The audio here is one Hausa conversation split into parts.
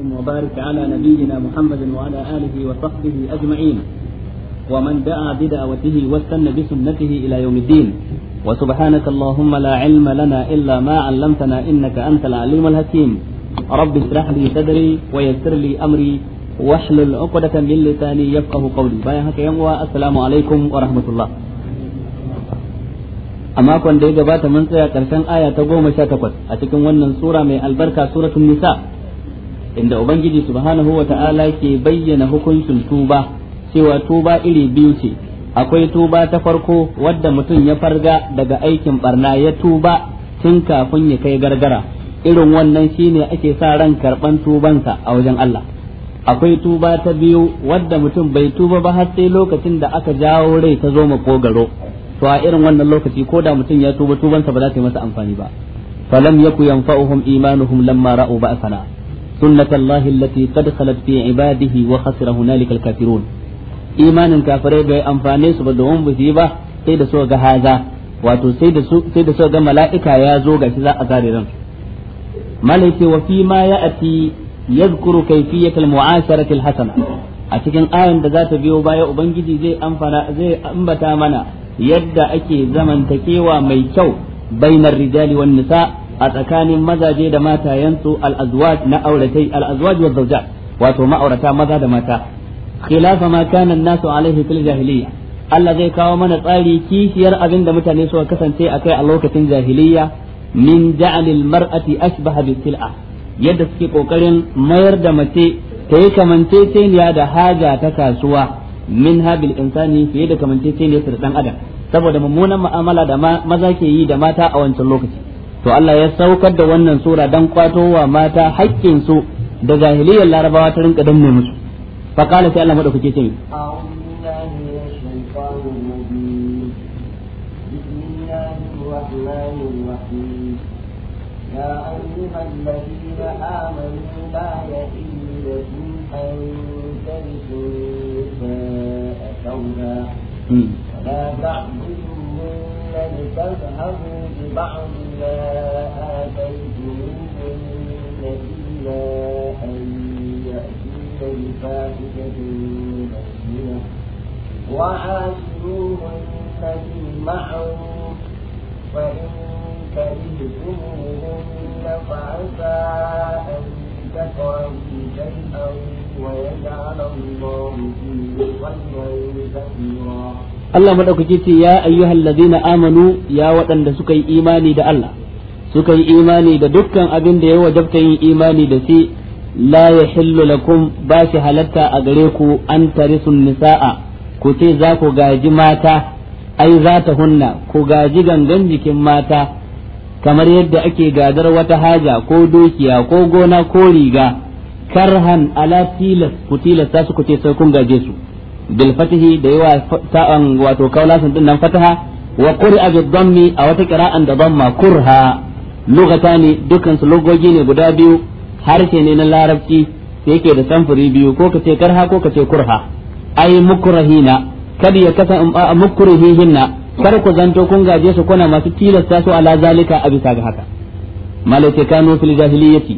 ثم وبارك على نبينا محمد وعلى آله وصحبه أجمعين ومن دعا بدعوته واستنى بسنته إلى يوم الدين وسبحانك اللهم لا علم لنا إلا ما علمتنا إنك أنت العليم الحكيم رب اشرح لي صدري ويسر لي أمري واحلل عقدة من لساني يفقه قولي بايا هكا يوم السلام عليكم ورحمة الله a makon da ya gabata mun tsaya karshen aya ta goma sha takwas a cikin wannan sura mai albarka suratul nisa inda ubangiji subhanahu wa ta'ala ke bayyana hukuncin tuba cewa tuba iri biyu ce akwai tuba ta farko wadda mutum ya farga daga aikin barna ya tuba tun kafin ya kai gargara irin wannan shine ake sa ran karban tubansa a wajen Allah akwai tuba ta biyu wadda mutum bai tuba ba har sai lokacin da aka jawo rai ta zo makogaro to a irin wannan lokaci ko da mutum ya tuba tubansa ba za ta yi masa amfani ba falam yaku yanfa'uhum imanuhum lamma ra'u ba'sana سنة الله التي قد imanin في عباده وخسر su الكافرون إيمان كافرين بأنفاني سبدهم بثيبة سيد سوق هذا wato sai da ga mala'ika ya zo ga za a zare ran malaike ma ya ati yadhkuru kayfiyatal mu'asharati al-hasana a cikin ayan da za ta biyo baya ubangiji zai ambata mana yadda ake zamantakewa mai kyau bainar rijali nisa a tsakanin mazaje da matayensu al na auratai al wa zawjat wato ma'aurata maza da mata khilafa ma kana nasu alaihi fil jahiliyya Allah zai kawo mana tsari kishiyar abin da mutane suka kasance akai a lokacin jahiliyya min ja'alil mar'ati ashbaha bi sil'a yadda suke kokarin mayar da mace ta yi kamanceceniya da haja ta kasuwa min habil insani fiye da kamanceceniya da dan adam saboda mummunan mu'amala da maza ke yi da mata a wancan lokaci to Allah ya saukar da wannan sura dan kwato wa mata haƙƙin su da jahiliyyar larabawa ta rinka danne musu fa qala sai Allah madaukake ce يا أيها الذين آمنوا لا أن ترثوا النساء كونا ولا لتذهبوا ببعض ما آتيتموهن إلا أن يأتي بفاحشة مبينة وعاشروهن بالمعروف فإن كرهتموهن فعسى أن تكرهوا شيئا ويجعل الله فيه خيرا كثيرا Allah madaukake ce ya ayyuhal ladina amanu ya waɗanda suka yi imani da Allah suka yi imani da dukkan abin da ya wajabta yin imani da shi la yahillu lakum ba shi halatta a gare ku an tarisun nisa'a ku ce za ku gaji mata ai za ta hunna ku gaji gangan jikin mata kamar yadda ake gadar wata haja ko dukiya ko gona ko riga karhan ala tilas ku tilasta su ku ce sai kun gaje su bil da yawa ta'an wato kaulasan din fataha waƙuri qur'a bid a wata qira'an da damma kurha lugatani dukkan su logogi ne guda biyu harshe ne na larabci da yake da samfuri biyu ko kace karha ko kace kurha ai mukrahina kada ya kasa mukrihihinna kar ku zanto kun gaje su kuna masu tilasta su ala zalika a bisa ga haka malaka kanu fil jahiliyyati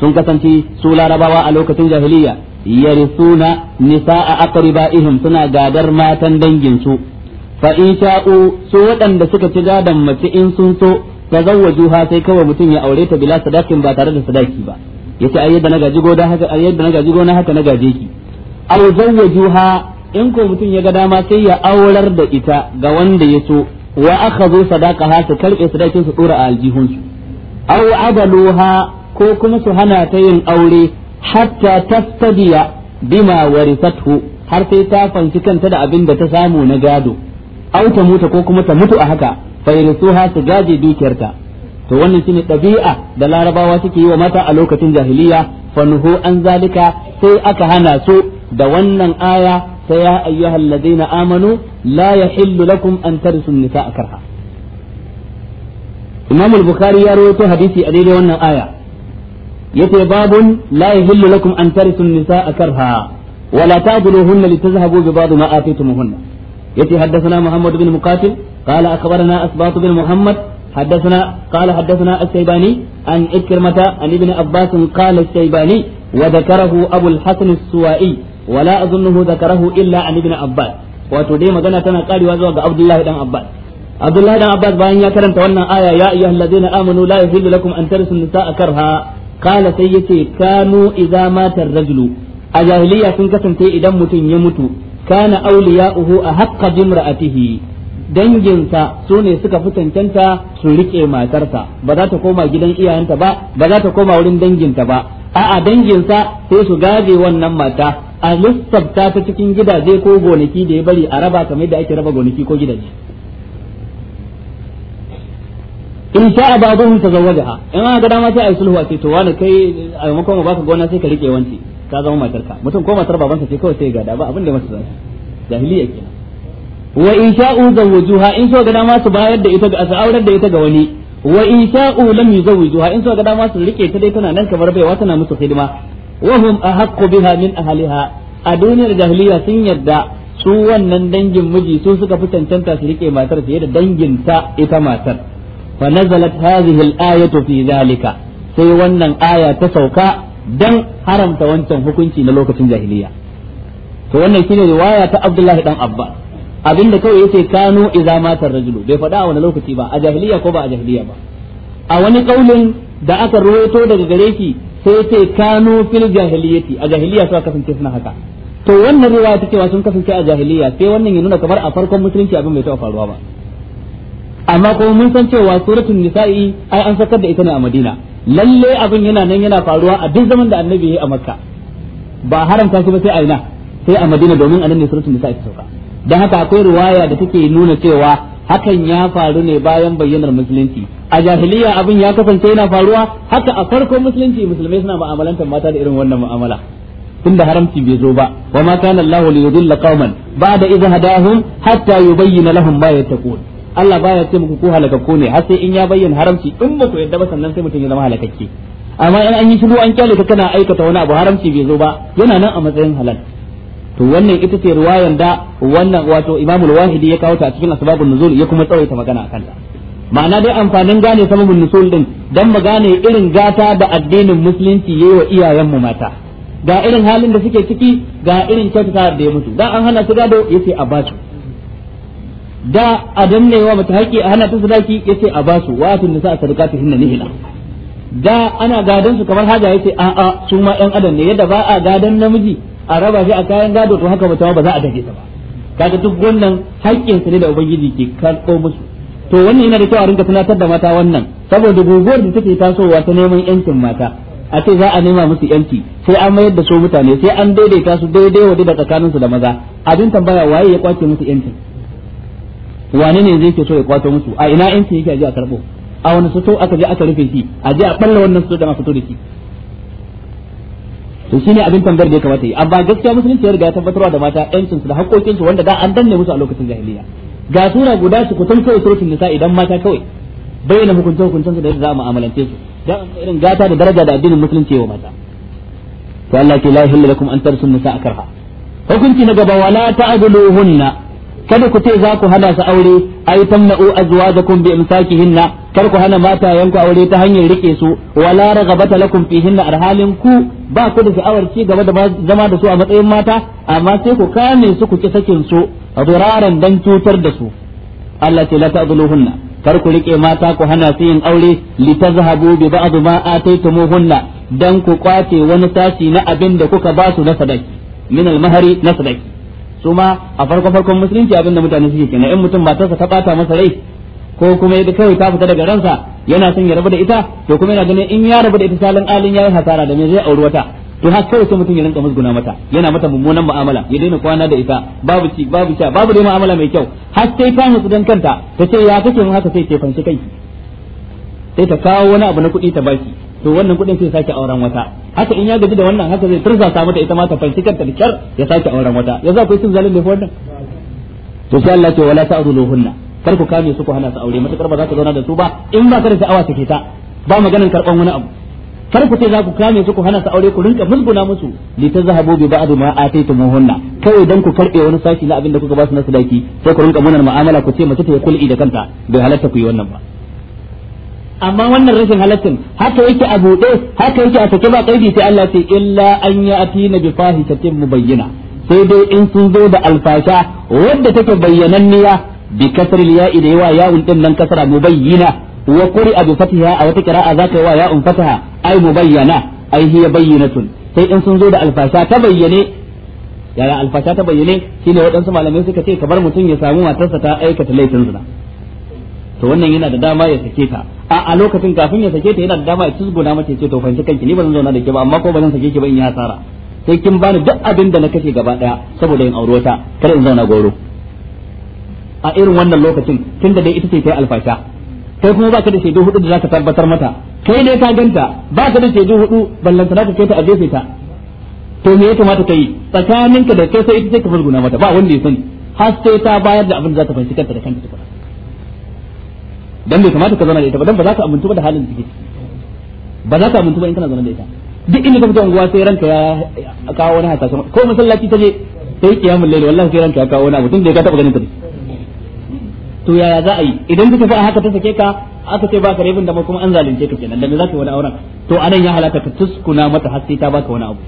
sun kasance su larabawa a lokacin jahiliyya yarisuna nisa'a aqribaihim suna gadar matan dangin su fa in su waɗanda suka ci gadan mace in sun so tazawwajuha sai kawai mutum ya aure ta bila sadakin ba tare da sadaki ba yace ai na gaji na haka na gaje ki aw zawwajuha in ko mutum ya ga dama sai ya aurar da ita ga wanda ya so wa akhadhu sadaqaha su karbe sadakin su dora a aljihun su aw adaluha ko kuma su hana ta yin aure hatta taftadiya bima warithathu har sai ta fanci kanta da abin da ta samu na gado au ta ko kuma ta mutu a haka fa yarsuha su gaje dukiyarta to wannan shine dabi'a da larabawa suke yi wa mata a lokacin jahiliya fanhu an zalika sai aka hana su da wannan aya ta ya ayyuhal ladina amanu la yahillu lakum an tarisu nisaa karha imam al-bukhari ya rawaito hadisi a daidai wannan aya yace babun la yahillu lakum an tarisu nisaa karha wala ta'duluhunna litazhabu bi ba'd ma atitumuhunna yace haddathana muhammad bin muqatil qala akhbarana asbat bin muhammad حدثنا قال حدثنا الشيباني عن إكرمة عن ابن عباس قال الشيباني وذكره أبو الحسن السوائي ولا أظنه ذكره إلا عن ابن عباس وتدي مغنى تنا قال وزوج عبد الله بن عباس عبد الله بن عباس بان يا كرم تولنا آية يا أيها الذين آمنوا لا يحل لكم أن ترثوا النساء كرها qala sai yace Kano idza mata rajulu a jahiliya sun kasance idan mutum ya mutu kana uhu a haqqa bimra'atihi danginsa su ne suka fi cancanta su rike matarsa ba za ta koma gidan iyayenta ba ba za ta koma wurin danginta ba a'a danginsa sai su gaje wannan mata a lissafta ta cikin gidaje ko gonaki da ya bari a raba kamar da ake raba gonaki ko gidaje in sha a babun ta jaha in an ga dama sai a yi sulhu a ce to wani kai a maimakon ba ka gona sai ka rike wanci ka zama matarka mutum ko matar babansa ce kawai sai gada ba abin da masa zai jahiliya kenan wa in sha'u zawwajuha in so ga dama su bayar da ita ga su aurar da ita ga wani wa in sha'u lam yuzawwijuha in so ga dama su rike ta dai tana nan kamar baiwa tana musu hidima wa hum ahaqqu biha min ahliha a duniyar jahiliya sun yadda su wannan dangin miji su suka fi cancanta su rike matar fiye da danginta ita matar fa nazalat hadhihi al-ayatu fi zalika sai wannan aya ta sauka dan haramta wancan hukunci na lokacin jahiliya to wannan shine riwaya ta Abdullahi dan Abba abinda kawai yace kanu idza mata rajulu bai faɗa a wani lokaci ba a jahiliya ko ba a jahiliya ba a wani kaulin da aka rawaito daga gare shi sai yace kanu fil jahiliyati a jahiliya suka kasance suna haka to wannan riwaya ta cewa sun kasance a jahiliya sai wannan ya nuna kamar a farkon musulunci abin bai taɓa faruwa ba amma kuma mun san cewa suratul nisa'i ai an sakar da ita ne a madina lalle abin yana nan yana faruwa a duk zaman da annabi yayi a makka ba haramta shi ba sai a ina sai a madina domin anan ne suratul nisa'i ta dan haka akwai riwaya da take nuna cewa hakan ya faru ne bayan bayyanar musulunci a jahiliya abin ya kasance yana faruwa haka a farkon musulunci musulmai suna mu'amalantar mata da irin wannan mu'amala da haramci bai zo ba wa ma kana Allahu li yudilla qauman ba'da idh hadahum hatta yubayyana lahum ma yattaqun Allah baya ce muku ku ko ne har sai in ya bayyana haramci in ba ku yadda ba sannan sai mutum ya zama halakakke amma in an yi shiru an kyale ka kana aikata wani abu haramci bai zo ba yana nan a matsayin halal to wannan ita ce riwayar da wannan wato Imam al-Wahidi ya kawo ta a cikin asbabun nuzul ya kuma tsawaita magana akan ta ma'ana dai amfanin gane sababin nusul din dan mu gane irin gata da addinin musulunci yayi wa iyayen mu mata ga irin halin da suke ciki ga irin kyautata da ya mutu da an hana su gado yace a basu da a danne wa mata haƙƙi a hana ta sadaki yace a basu wa atun nisa sadaqatu hinna nihila da ana gadon su kamar haja yace a a su ma ɗan adam ne yadda ba a gadon namiji a raba shi a kayan gado to haka mata ba za a dage ta ba kaga duk wannan haƙƙin su ne da ubangiji ke karɓo musu to wannan yana da kyau a rinka tunatar da mata wannan saboda guguwar da take tasowa ta neman yancin mata a ce za a nema musu yanci sai an mayar da su mutane sai an daidaita su daidai wa da tsakaninsu da maza abin tambaya waye ya kwace musu yancin wane ne zai ke so ya kwato musu a ina yanci yake aje a karbo a wani soto aka je aka rufe shi a je a balla wannan soto da fito da shi to shine abin tambayar da ya kamata yi amma gaskiya musulunci ya riga ya tabbatarwa da mata yancin su da haƙoƙin su wanda da an danne musu a lokacin jahiliya ga suna guda su kusan kawai surutun nisa idan mata kawai bayyana hukunce hukuncen su da yadda za a mu'amalance su dan irin gata da daraja da addinin musulunci wa mata to Allah ke la ilaha lakum an tarsu nisa akarha hukunci na gaba wala hunna kada ku ce za ku hana su aure ai tamna'u azwajakum bi imsakihinna kar ku hana mata yanku aure ta hanyar rike su wala ragabata lakum fihinna arhalin ku ba ku da sha'awar ci gaba da zama da su a matsayin mata amma sai ku kame su ku ki sakin su diraran dan cutar da su Allah ce la ta'dhuluhunna kar ku rike mata ku hana su yin aure litazhabu bi ba'd ma ataytumuhunna dan ku kwace wani sashi na abin da kuka ba su na sadaki min al-mahari na sadaki su ma a farko farkon musulunci abinda mutane suke kenan in mutum matarsa ta bata masa rai ko kuma yadda kawai ta fita daga ransa yana son ya rabu da ita to kuma yana ganin in ya rabu da ita salin alin yayi hasara da me zai auri wata to har kawai sai mutum ya rinka musguna mata yana mata mummunan mu'amala ya daina kwana da ita babu ci babu sha babu dai mu'amala mai kyau har sai ta nutsu dan kanta ta ce ya kake mun haka sai ke fanshi kai sai ta kawo wani abu na kuɗi ta baki to wannan kuɗin sai sake auren wata haka in ya gaji da wannan haka zai sa mata ita ma ta fanci kanta da kyar ya sake auren wata yanzu akwai cin zalin da fa wannan to sai Allah ce wala ta'dhuluhunna kar ku kame su ku hana su aure matakar ba za ta zauna da su ba in ba ka da sha'awa take ta ba maganin karban wani abu kar ku ce za ku kame su ku hana su aure ku rinka musguna musu li tazhabu bi ba'd ma ataytumuhunna kawai dan ku karbe wani sashi na abin da kuka ba su na sadaki sai ku rinka munar mu'amala ku ce mace ta kulli da kanta bai halatta ku yi wannan ba amma wannan rashin halaccin haka yake a buɗe haka yake a sake ba kaidi sai Allah ce illa an ya atina bi fahishatin bayyana sai dai in sun zo da alfasha wadda take bayyananniya bi kasril ya'i da yawa ya'un ɗinnan nan mu mubayyina wa a bi fatiha a wata qira'a zaka yawa ya'un fataha ai mubayyana ai hiya bayyinatun sai in sun zo da alfasha ta bayyane yara alfasha ta bayyane shine waɗansu malamai suka ce kamar mutum ya samu matarsa ta aikata laifin zina to wannan yana da dama ya sake ta a a lokacin kafin ya sake ta yana da dama ya tuzguna mace ce to fanci kanki ni ba zan zauna da ke ba amma ko ba zan sake ki ba in yi hasara sai kin bani duk abin da na kashe gaba daya saboda in aure ta kar in zauna goro a irin wannan lokacin tun da dai ita ce ta alfasha kai kuma baka da shaidu hudu da zaka tabbatar mata kai ne ka ganta baka da shaidu hudu ballan ta kai ta a gefe ta to me ya kamata kai tsakaninka da kai sai ita ce ka fulguna mata ba wanda ya sani har sai ta bayar da abin da zaka fanci kanta da kanta tukuna dan bai kamata ka zauna da ita ba dan ba za ka amintu ba da halin da take ba za ka amintu ba in kana zauna da ita duk inda ka fita unguwa sai ranka ya kawo wani hasashe ko masallaci ta je sai kiyamul laili wallahi sai ranka ya kawo wani abu tun da ka taba ganin ta to yaya za a yi idan ka fa a haka ta sake ka aka ce baka rabin da ma kuma an zalunce ka kenan da me za ka wani auren to anan ya halaka ka tuskuna mata har sai ta baka wani abu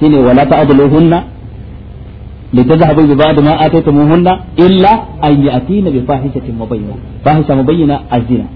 shine wala hunna. لتذهبوا ببعض ما آتيتموهن إلا أن يأتين بفاحشة مبينة فاحشة مبينة الزنا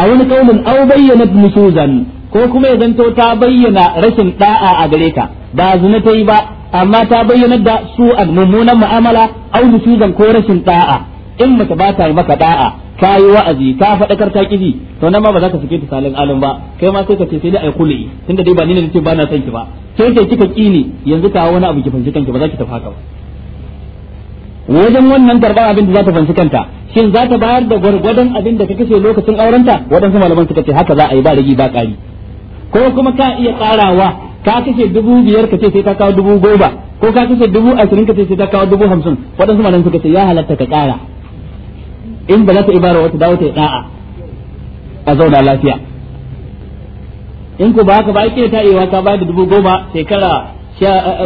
أو قول أو بينت نشوزا ko kuma ya zanto ta bayyana rashin da'a a gare ka ba zina ta yi ba amma ta bayyana da su a mummunan mu'amala au suzan ko rashin da'a in mace ba ta yi maka da'a ka yi wa'azi ka faɗakar ta kibi to nan ma ba za ka sake ta salin alim ba kai ma sai ka ce sai dai ai kuli tunda dai ba ni ne nace ba na son ki ba sai kai kika ni yanzu ta wani abu ki fanci kanki ba za ki tafi haka ba wajen wannan tarbar abin da za ta fanci kanta shin za ta bayar da gwargwadon abin da ka kashe lokacin aurenta waɗansu malaman suka ce haka za a yi ba rigi ba ƙari ko kuma ka iya ƙarawa ka kashe dubu biyar ka ce sai ka kawo dubu goma ko ka kashe dubu ashirin ka ce sai ka kawo dubu hamsin waɗansu malaman suka ce ya halatta ka ƙara in ba za ta ibara wata dawo ta yi ɗa'a a zauna lafiya in ko ba haka ba ake ta iya ka bayar da dubu goma shekara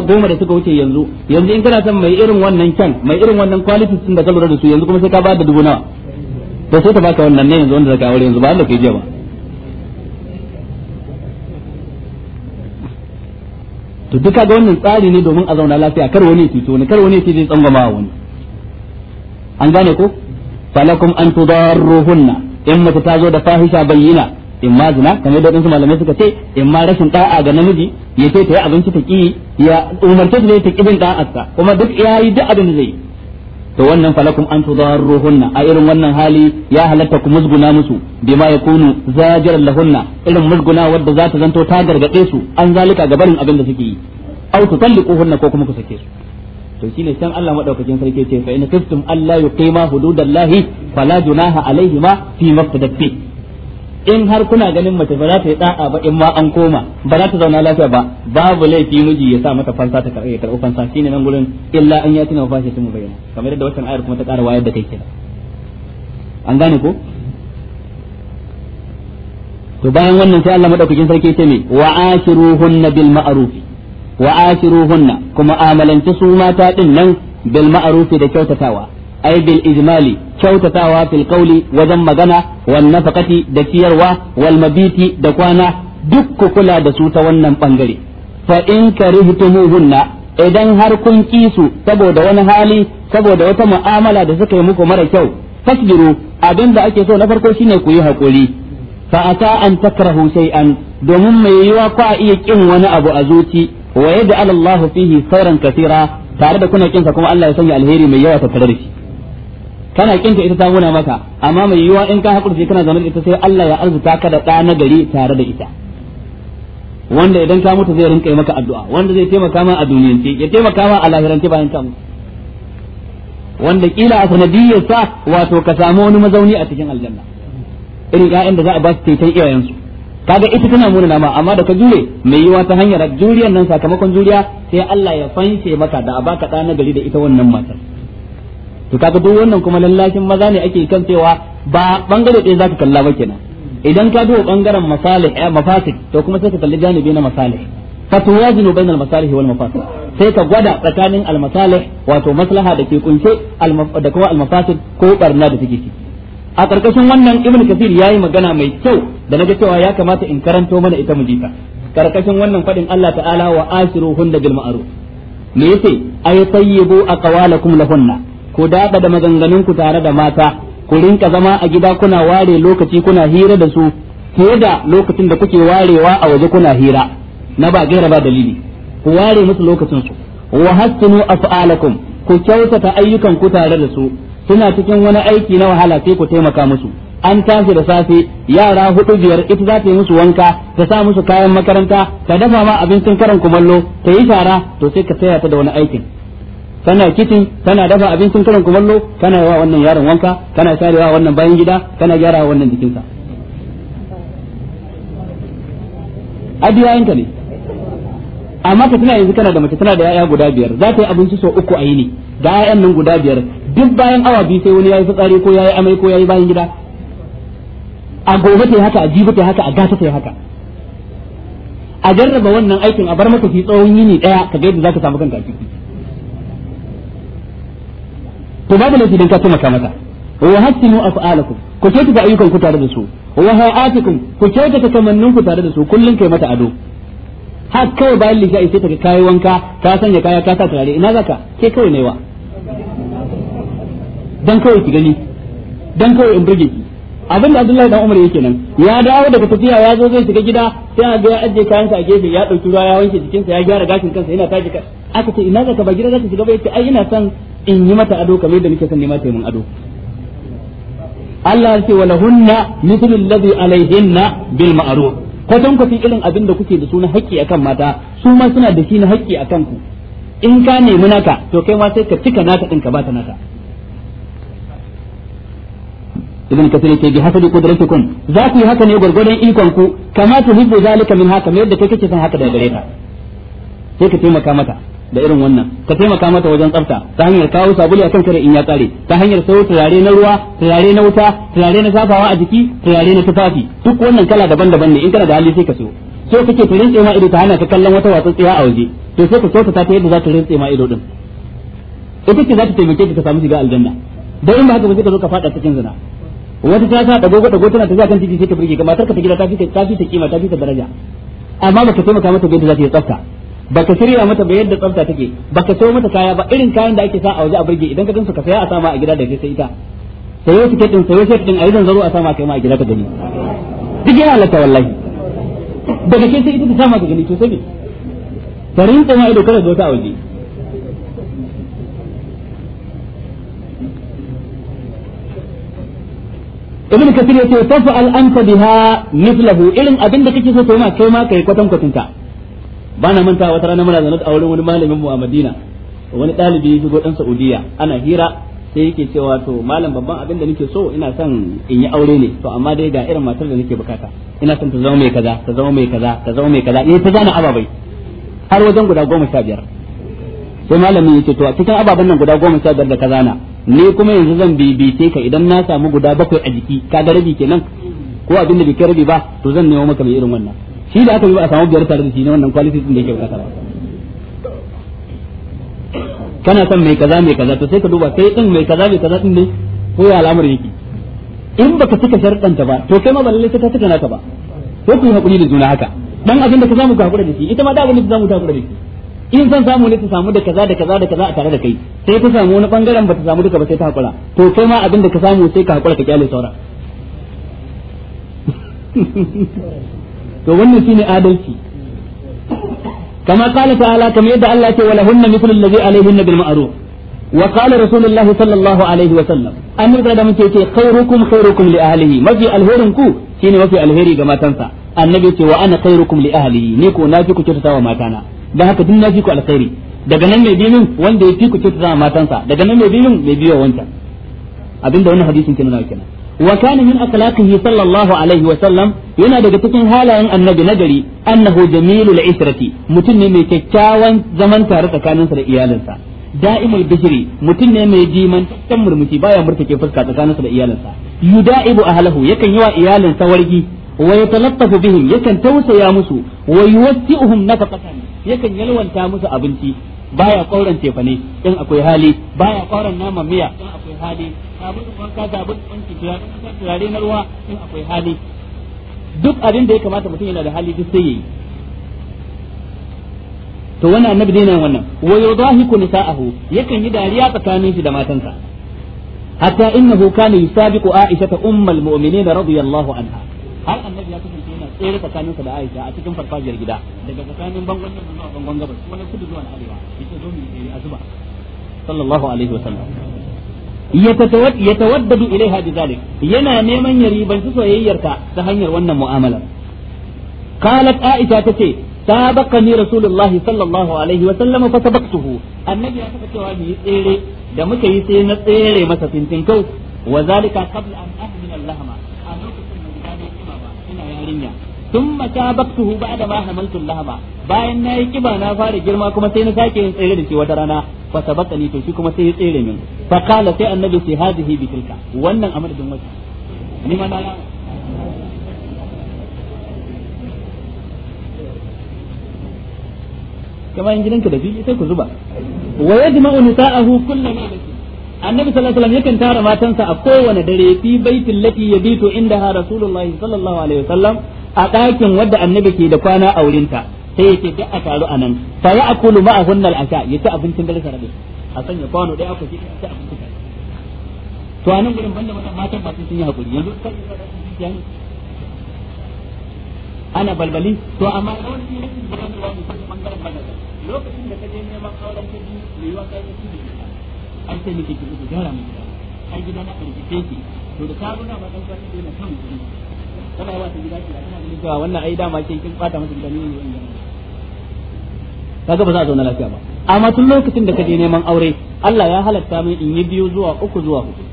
goma da suka wuce yanzu yanzu in kana son mai irin wannan kyan mai irin wannan qualities din da ka lura da su yanzu kuma sai ka ba da dubu nawa da sai ta baka wannan ne yanzu wanda zaka aure yanzu ba Allah kai jiya ba to duka ga wannan tsari ne domin a zauna lafiya kar wani cuto wani kar wani zai tsangwama wani an gane ko falakum an tudarruhunna in mata ta zo da fahisha bayyina in ma zina kamar da wadansu malamai suka ce in ma rashin da'a ga namiji ya ce ta yi abinci ta ki ya umarce ta ne ta kibin da'arsa kuma duk ya yi duk abin da zai to wannan falakum an tudarruhunna a irin wannan hali ya halatta ku musguna musu bima yakunu zajiran lahunna irin musguna wadda za ta zanto ta gargade su an zalika ga barin abin da suke yi aw tutalliquhunna ko kuma ku sake su to shine can Allah madaukakin sarki ce fa in khiftum alla yuqima hududallahi fala junaha alaihima fi maftadat in har kuna ganin mace ba za ta yi da'a ba in ma an koma ba za ta zauna lafiya ba babu laifi miji ya sa mata fansa ta karɓi karɓi fansa shine nan gurin illa an yati na fashi sun bayyana kamar yadda wannan ayar kuma ta ƙara wayar da kai kenan an gane ko to bayan wannan sai Allah madaukakin sarki ce me wa ashiruhunna bil ma'ruf wa ashiruhunna kuma amalance su mata din nan bil ma'ruf da kyautatawa ay bil ijmali kyautatawa fil wajen magana wan nafaqati da ciyarwa wal mabiti da kwana duk ku kula da su ta wannan bangare fa in karihtumuhunna idan har kun ki su saboda wani hali saboda wata mu'amala da suka yi muku mara kyau fasbiru abin da ake so na farko shine ku yi hakuri fa ata an takrahu shay'an domin mai yiwa ku a iya kin wani abu a zuci wa Allahu fi hi sauran katira tare da kuna kinsa kuma Allah ya sanya alheri mai yawa ta da kana kinta ita ta gona maka amma mai yiwuwa in ka hakurce kana zaune ita sai Allah ya arzuta ka da ɗa na gari tare da ita wanda idan ka mutu zai rinka maka addu'a wanda zai taimaka ma a duniyance ya taimaka ma a lahirance bayan ka mutu wanda kila a sanadiyar sa wato ka samu wani mazauni a cikin aljanna irin ƴaƴan da za a ba su taitan su kaga ita tana muna nama amma da ka jure mai yiwa ta hanyar juriyar nan sakamakon juriya sai Allah ya fanshe maka da a baka ɗa na gari da ita wannan matar to kaga duk wannan kuma lallashin maza ne ake kan cewa ba bangare ɗaya zaka kalla ba kenan idan ka duba bangaren masalih eh mafasid to kuma sai ka kalli janibi na masalih fatuwazinu bainal masalih wal mafasid sai ka gwada tsakanin al wato maslaha da ke kunshe da kuma al ko barna da take ciki a ƙarƙashin wannan ibn kafir yayi magana mai kyau da naga cewa ya kamata in karanto mana ita mujita ƙarƙashin wannan faɗin Allah ta'ala wa hunda bil ma'ruf me yace ay tayyibu aqwalakum lahunna ku daɗa da maganganun ku tare da mata ku rinka zama a gida kuna ware lokaci kuna hira da su fiye da lokacin da kuke warewa a waje kuna hira na ba gaira ba dalili ku ware musu lokacin su wa hasinu af'alakum ku kyautata ayyukan ku tare da su suna cikin wani aiki na wahala sai ku taimaka musu an tashi da safe yara hudu biyar ita za ta yi musu wanka ta sa musu kayan makaranta ta dafa ma abincin karan kumallo ta yi shara to sai ka taya ta da wani aikin kana kitin kana dafa abincin karin kumallo kana yawa wannan yaron wanka kana sharewa wannan bayan gida kana gyara wannan jikinsa adiyayinka ne amma ka tuna yanzu kana da mace tana da yaya guda biyar za ta yi abinci sau uku a yini da yayan nan guda biyar duk bayan awa biyu sai wani yayi fitsari ko yayi amai ko yayi bayan gida a gobe ta haka a jibi ta haka a gata ta haka a jarraba wannan aikin a bar maka fi tsawon yini daya ka ga yadda ka samu kanka ciki to babu laifi dan ka taimaka mata wa hasinu af'alakum ku ga ayyukan ku tare da su wa ha'atikum ku kyautata kamannin ku tare da su kullun kai mata ado har kawai bayan lisha'i sai ta kai wanka ka sanya kaya ka sa turare ina zaka ke kawai ne wa dan kawai ki gani dan kawai in burge ki abin da Abdullahi dan Umar yake nan ya dawo daga tafiya ya zo zai shiga gida sai ga ya ajiye kayansa a gefe ya dauki ruwa ya wanke jikinsa ya gyara gashin kansa yana taji aka ce ina zaka ba gida zaka shiga ba yace ai ina son in yi mata ado kamar yadda nake son nema ta yi mun ado Allah ya ce wa lahunna mithlu alladhi alaihinna bil ma'ruf kwatan fi irin abin da kuke da su na haƙƙi akan mata su ma suna da shi na haƙƙi akan ku in ka nemi naka to kai ma sai ka cika naka din ka ba ta naka ibn kasir yake bi hasabi qudratikum za ku yi haka ne gurgurdan ikon ku kama tu hibbu zalika min haka me yadda kai kake son haka daga gare sai ka taimaka mata da irin wannan ka taimaka mata wajen tsafta ta hanyar kawo sabulu akan kare in ya kare ta hanyar sayo turare na ruwa turare na wuta turare na safawa a jiki turare na tufafi duk wannan kala daban-daban ne in kana da hali sai ka so so kake turin tsema ido ta hana ka kallon wata watsa tsiya a waje to sai ka kyautata ta yadda za ta rintse ma ido din ita ce za ta taimake ka samu shiga aljanna da in ba haka ba sai ka zo ka fada cikin zina wata ta sa dago dago tana tafiya kan titi sai ta burge ka matar ka ta gida ta fi ta kima ta fi ta daraja amma ka taimaka mata yadda za ta yi tsafta baka shirya mata ba yadda tsafta take baka sayo mata kaya ba irin kayan da ake sa a waje a burge idan ka gansu ka saya a sama a gida da sai ita sayo tiket din sayo shek din a yi zanzaro a sama kai ma a gida ka gani duk yana halatta wallahi daga kai sai ita ta sama ka gani to sai me ka rinka ma ido kada zo ta waje ibn kasir yace al anta biha mithluhu irin abinda kake so kai ma kai ma kai kwatan ba na manta wata rana muna zaune a wurin wani malamin mu a Madina wani ɗalibi ya shigo ɗan Saudiya ana hira sai yake cewa to malam babban abin da nake so ina son in yi aure ne to amma dai ga irin matar da nake bukata ina son ta zama mai kaza ta zama mai kaza ta zama mai kaza ni ta zana ababai har wajen guda goma sha biyar sai malamin ya ce to a cikin ababen nan guda goma sha biyar da kaza na ni kuma yanzu zan bibice ka idan na samu guda bakwai a jiki ka da rabi kenan ko abin da bai kai rabi ba to zan nemo maka mai irin wannan shi da aka yi ba a samu biyar tare da shi na wannan quality din da yake bukata kana son mai kaza mai kaza to sai ka duba kai din mai kaza mai kaza din ne ko ya al'amari yake in baka cika sharɗanta ba to kai ma ba sai ka cika naka ba ko ku yi hakuri da juna haka dan abin da ka samu ka hakura da shi ita ma da abin da ka samu ka hakura da shi in san samu ne ta samu da kaza da kaza da kaza a tare da kai sai ta samu wani bangaren ba ta samu duka ba sai ta hakura to kai ma abin da ka samu sai ka hakura ka kyale saura to wannan shine adalci كما قال تعالى كما يدعى الله ولهن مثل الذي عليهن بالمعروف وقال رسول الله صلى الله عليه وسلم أن يبرد من تيتي خيركم خيركم لأهله ما في الهيرنكو شين ما في الهيري كما تنسى النبي تي وأنا خيركم لأهله نيكو ناجيكو ترتا وما تانا ده هكا دون ناجيكو على خيري daga nan mai bimin wanda ya fi ku kyautata matansa daga nan mai bimin mai biyo wancan abinda wannan hadisin ke nuna kenan wa kana min akhlaqihi sallallahu alaihi wa sallam yana daga cikin halayen annabi nagari annahu Jamilu israti mutum ne mai kyakkyawan zaman tare tsakaninsa da iyalinsa da'imul bishri mutum ne mai jiman tan murmushi baya murtake fuska tsakaninsa da iyalinsa yuda'ibu ahlahu yakan yi wa iyalinsa Wai ya yatalattafu bihim yakan tausaya musu wa yuwassi'uhum nafaqatan yakan yalwanta musu abinci baya kauran tefane in akwai hali baya kauran nama miya in akwai hali sabulun wanka sabulun wanki turaren kasa turare na ruwa in akwai hali duk abin da ya kamata mutum yana da hali duk sai yayi to wannan annabi dai nan wannan wa yudahiku nisa'ahu yakan yi dariya tsakanin shi da matansa hatta innahu kana yusabiqu aisha ta ummul mu'minin radiyallahu anha har annabi ya kasance yana tsere tsakanin sa da aisha a cikin farfajiyar gida daga tsakanin bangon nan zuwa bangon gabas wani kudu zuwa arewa yace zo mu yi a zuba sallallahu alaihi wasallam yatawaddadu ilaiha bidhalik yana neman ya su soyayyarta ta hanyar wannan mu'amala qalat aisha tace sabaqani rasulullah sallallahu alaihi wa sallam fa sabaqtuhu annabi ya saka cewa ni tsere da muka yi sai na tsere masa fintin kau wa zalika qabla an lahama allahma a lokacin da ina yarinya thumma tabaktuhu ba'da ma hamaltu lahama bayan nayi kiba na fara girma kuma sai na sake yin tsere da shi wata rana fa sabaqani to shi kuma sai ya tsere min fa qala sai annabi sai hadhihi bi tilka wannan a madadin wata ni ma na kamar yin gidanka da biyu sai ku zuba wa yajma'u nisa'ahu kullu ma'atin annabi sallallahu alaihi wasallam yakan tara matansa a kowane dare fi baitin lati yabitu indaha rasulullahi sallallahu alaihi wasallam a ɗakin wadda annabi ke da kwana a wurinta sai yake duk a taru a nan fa ya akulu ma ahunnal asha yace abincin dare tare da a sanya kwano dai aka ci ta abincin dare to anan gurin banda wata matan ba sun yi hakuri yanzu ana balbali to amma wani yawanci rashin gidan ruwa wani sai bangaren bangaren lokacin da ka je neman auren ka biyu mai yiwa kai su da an sai miki ki gyara gida ai gida na karfi ke to da ka zo ba ɗan kwanci ne na kan kana ba ta gida kana ganin wannan ai dama ke kin bata masa gida ne kaga ba za a zauna lafiya ba amma tun lokacin da ka je neman aure Allah ya halatta min in yi biyu zuwa uku zuwa hudu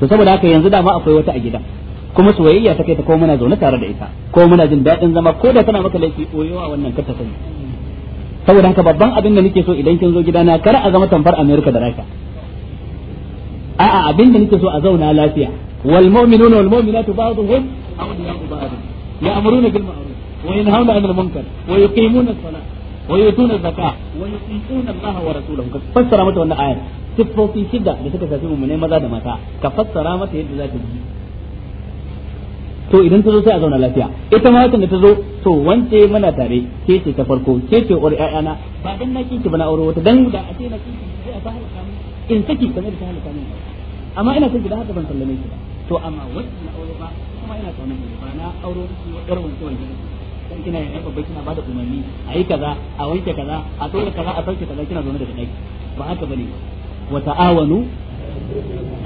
to saboda haka yanzu dama akwai wata a gidan kuma soyayya ta kai ta ko muna zaune tare da ita ko muna jin daɗin zama ko da tana maka laifi yawa wannan ka sani saboda haka babban abin da nake so idan kin zo gidana kar a zama tamfar America da Rasha a'a abin da nake so a zauna lafiya wal mu'minuna wal mu'minatu ba'dhum أولياء بعض يأمرون بالمعروف وينهون عن المنكر ويقيمون الصلاة ويؤتون الزكاة ويطيعون الله ورسوله فسر متى wannan ayar sifofi shida da suka shafi mu ne maza da mata ka fassara mata yadda za ta ji to idan ta zo sai a zauna lafiya ita ma hakan da ta zo to wance mana tare ke ce ta farko ke ce uwar ƴaƴana ba dan na kike bana aure wata dan da a ce na kike sai a fara kamun in saki kamar da ta halaka min amma ina son ki da haka ban sallame ki ba to amma wacce na aure ba kuma ina ba na auro yar wanke wanke dan kina babba kina bada umarni ayi kaza a wanke kaza a kaza a sauke kaza kina zaune da dai ba haka bane wa ta'awanu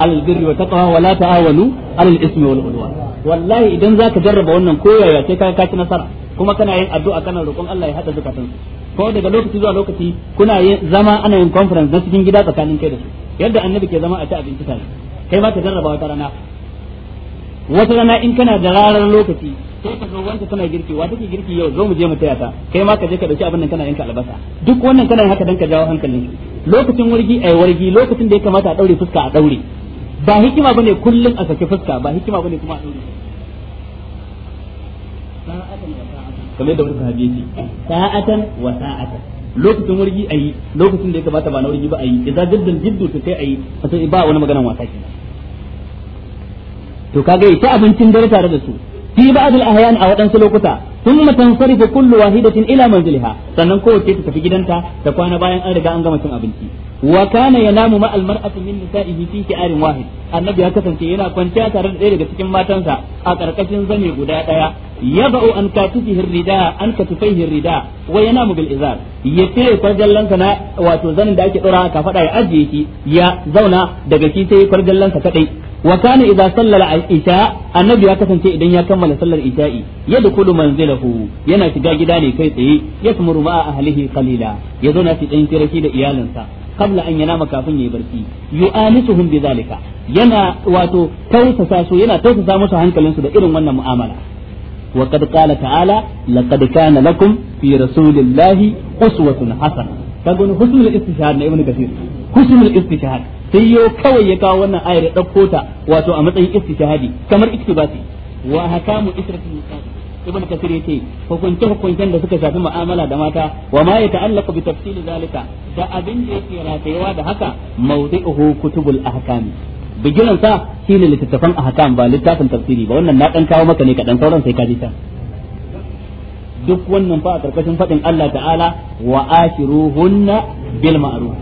alal birri wa taqwa wa la ta'awanu alal ismi wal udwan wallahi idan zaka jarraba wannan koyaya sai ka ka nasara kuma kana yin addu'a kana roƙon Allah ya hada zakatansu ko daga lokaci zuwa lokaci kuna yin zama ana yin conference na cikin gida tsakanin kai da su yadda annabi ke zama a ci abinci tare kai ma ka jarraba wata rana wata rana in kana da rarar lokaci sai ka zo wanda tana girki wa take girki yau zo mu je mu taya ta kai ma ka je ka dauki abin nan kana yanka albasa duk wannan kana haka dan ka jawo hankalin lokacin wargi ai wargi lokacin da ya kamata a daure fuska a daure ba hikima bane kullun a saki fuska ba hikima bane kuma a daure kamar da wani hadisi sa'atan wa sa'atan lokacin wargi ayi lokacin da ya kamata ba na wargi ba ayi idan jiddan jiddu kai ayi sai ba wani maganan wasa kenan to kaga ita abincin dare tare da su fi ba'd al-ahyan a wadansu lokuta thumma tansarifu kullu wahidatin ila manziliha sannan kowace ta tafi gidanta ta kwana bayan an riga an gama cin abinci wa kana yanamu ma al-mar'atu min nisa'ihi fi shi'arin wahid annabi ya kasance yana kwanciya tare da ɗaya daga cikin matansa a karkashin zane guda daya yaba'u an katifihi rida an katifaihi rida wa yanamu bil izar ya cire na wato zanin da ake dora ka fada ya ajiye shi ya zauna daga shi sai kwarjallansa kadai wa kana idza sallala al annabi ya kasance idan ya kammala sallar isha'i yadkhulu manzilahu yana shiga gida ne kai tsaye yasmuru a ahlihi qalila ya zauna shi dan kirashi da iyalansa kabla an yanama kafin yayi barci yu'alisuhum bidhalika yana wato tausasa su yana tausasa musu hankalinsu da irin wannan mu'amala wa qad qala ta'ala laqad kana lakum fi rasulillahi uswatun hasana kaga wani husnul istishhad na ibnu kathir husnul istishhad sai yau kawai ya kawo wannan ayar ya ɗauko ta wato a matsayin istishhadi kamar iktibasi wa hakamu israfil ibn kasir yace hukunce hukuncen da suka shafi mu'amala da mata wa ma yata'allaqu bi tafsil zalika da abin da yake ratayewa da haka mawdi'uhu kutubul ahkam bigiran sa shine littattafan ahkam ba littafin tafsiri ba wannan na dan kawo maka ne kadan sauran sai ka ji ta duk wannan fa a karkashin fadin Allah ta'ala wa ashiruhunna bil ma'ruf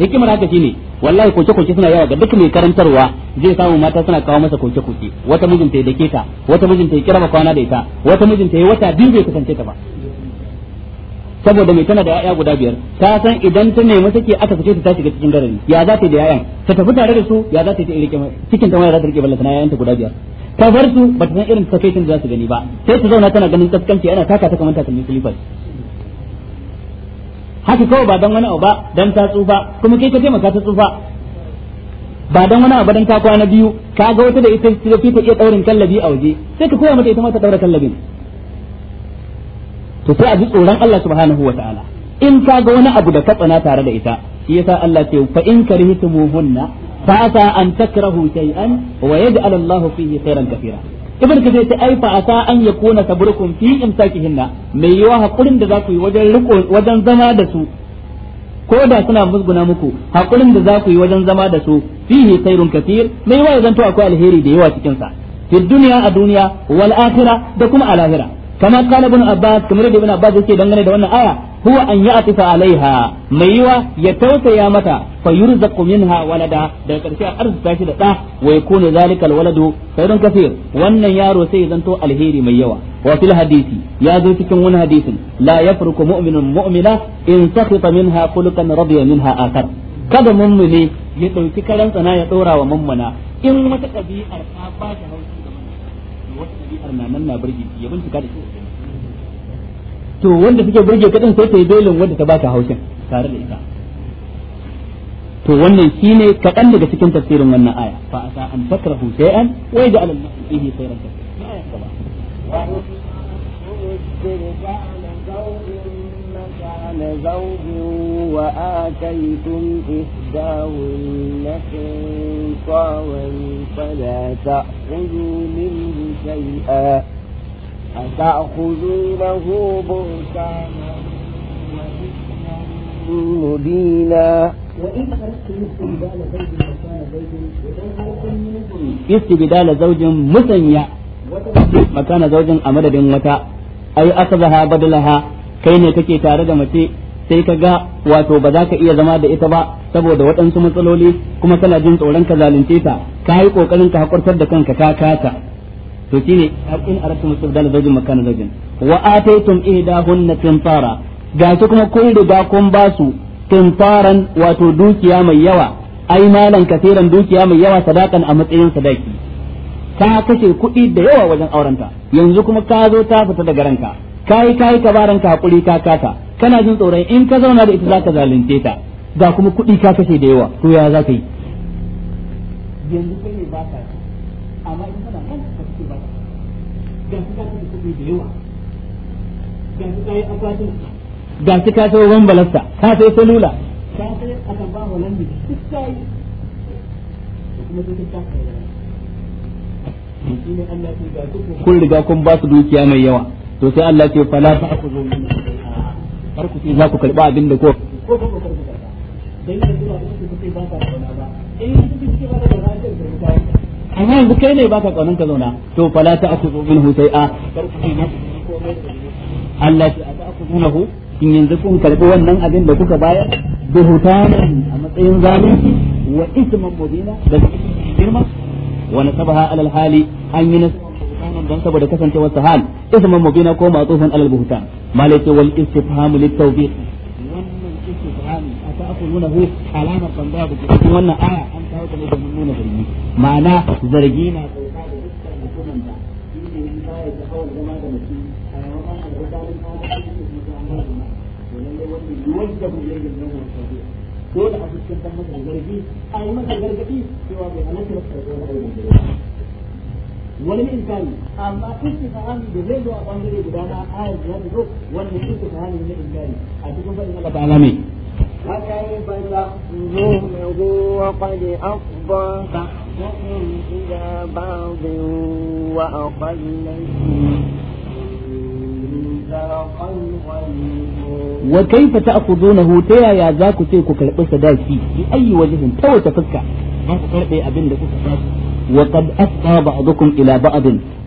hikimar haka shine wallahi koke koke suna yawa ga duk mai karantarwa zai samu mata suna kawo masa koke koke wata mijinta ya dake ta wata mijinta ya kira kwana da ita wata mijinta ya wata biyu bai kasance ta ba saboda mai tana da yaya guda biyar ta san idan ta nemi sake aka fice ta shiga cikin garin ya za ta da yayan ta tafi tare da su ya za ta yi rike cikin ta wani za ta rike yayan ta guda biyar ta bar su ba ta san irin takaicin da za su gani ba sai su zauna tana ganin tsakanci ana taka ta kamar takalmin silifas haka kawai ba don wani abu ba don ta tsufa kuma kai ka maka ta tsufa ba don wani abu don ta kwana biyu ka ga wata da ita ta fi ta iya ɗaurin kallabi a waje sai ka koya mata ita mata ta daura kallabin to sai a ji tsoron Allah subhanahu wa ta'ala in ka ga wani abu da ka tsana tare da ita shi yasa Allah ce fa in karihtumuhunna fa asa an takrahu shay'an wa yaj'al fihi khairan katira ibn zai ta aifa a ta an ya kona sabrukum fi hinna mai yiwa hakurin da za ku yi wajen riko wajen zama da su ko da suna musguna muku hakurin da za ku yi wajen zama da su fihi khairun kathir mai yiwa to akwai alheri da yawa cikin sa fi dunya a duniya wal akhirah da kuma a lahira kama qala ibn abbas kamar da ibn abbas yake dangane da wannan aya huwa an ya'tifa alaiha mai yawa ya tausaya mata fa yurzaqu minha walada daga karshe a arzuta shi da da wa yakunu zalika alwaladu khairun kaseer wannan yaro sai zanto alheri mai yawa wa fil hadisi ya zo cikin wani hadisin la yafruku mu'minun mu'mina in sakhita minha khuluqan radiya minha akar kada mummune ya dauki karan tsana ya dora mummuna in wata dabi'ar ta ba ta haushi wata dabi'ar na nan na burge ya bincika da shi to wanda suke burge ka din sai ta yi belin wanda ta baka haushin tare da ita to wannan shine kaɗan daga cikin tafsirin wannan aya fa asa an takrahu shay'an wa yaj'al fihi khayran زوج وآتيتم إحداهن قنطارا فلا تأخذوا منه شيئا أتأخذونه بهتانا وإثما مبينا istibdala zaujin musanya makana zaujin a madadin wata ai asabaha badalaha kai ne kake tare da mace sai ka ga wato ba za ka iya zama da ita ba saboda waɗansu matsaloli kuma kana jin tsoron ka zalunce ta ka yi ƙoƙarin ka haƙurtar da kanka ka kata to shine in aratum istibdal zawjin makana zawjin wa ataytum ihdahunna ga su kuma kun riga kun basu su qintaran wato dukiya mai yawa ai malan kafiran dukiya mai yawa sadakan a matsayin sadaki ka kashe kuɗi da yawa wajen aurenta yanzu kuma ka zo ta fita daga ranka kai kai ka baranka hakuri ka kasa kana jin tsoron in ka zauna da ita zaka zalunce ta ga kuma kuɗi ka kashe da yawa to ya za ka yi yanzu kai ne ba ka amma ga su ka da kuɗi da ga su ka yi akwatin ga ka sai ruwan balasta ka sai salula ka sai akaba holandi duk ka yi da kuma duk ka kun riga kun ba su dukiya mai yawa to sai Allah ce fala ta ku zo min har ku za ku karba abin da ko ko ku karba dan ku ba ka ba eh, in amma yanzu kai ne baka kaunan ka zauna to fala ta akuzu minhu sai'a Allah ta akuzunahu in yanzu kun karbi wannan abin da kuka bayar da hutanan a matsayin zalunci wa isman mubina da girma wa nasabaha alal hali an yi nasabaha don saboda kasancewar sahal isman mubina ko ma'tufan alal buhtan malaka wal istifham lit yaqulunahu alama kan babu cikin wannan aya an kawo ta ne nuna zargi ma'ana zargi na kauka da dukkan mutumin da inda in kawo zama da mutum a da wadannan kawo da da a masa zuwa guda na ayar da wani zo fahimi a cikin فكيف تأخذونه وقد أفضى بعضكم إلى بعض وأقل وكيف تأخذونه تيا يا ذاك تيكو كربس في أي وجه تو فكا ذاك أبن وقد أفضى بعضكم إلى بعض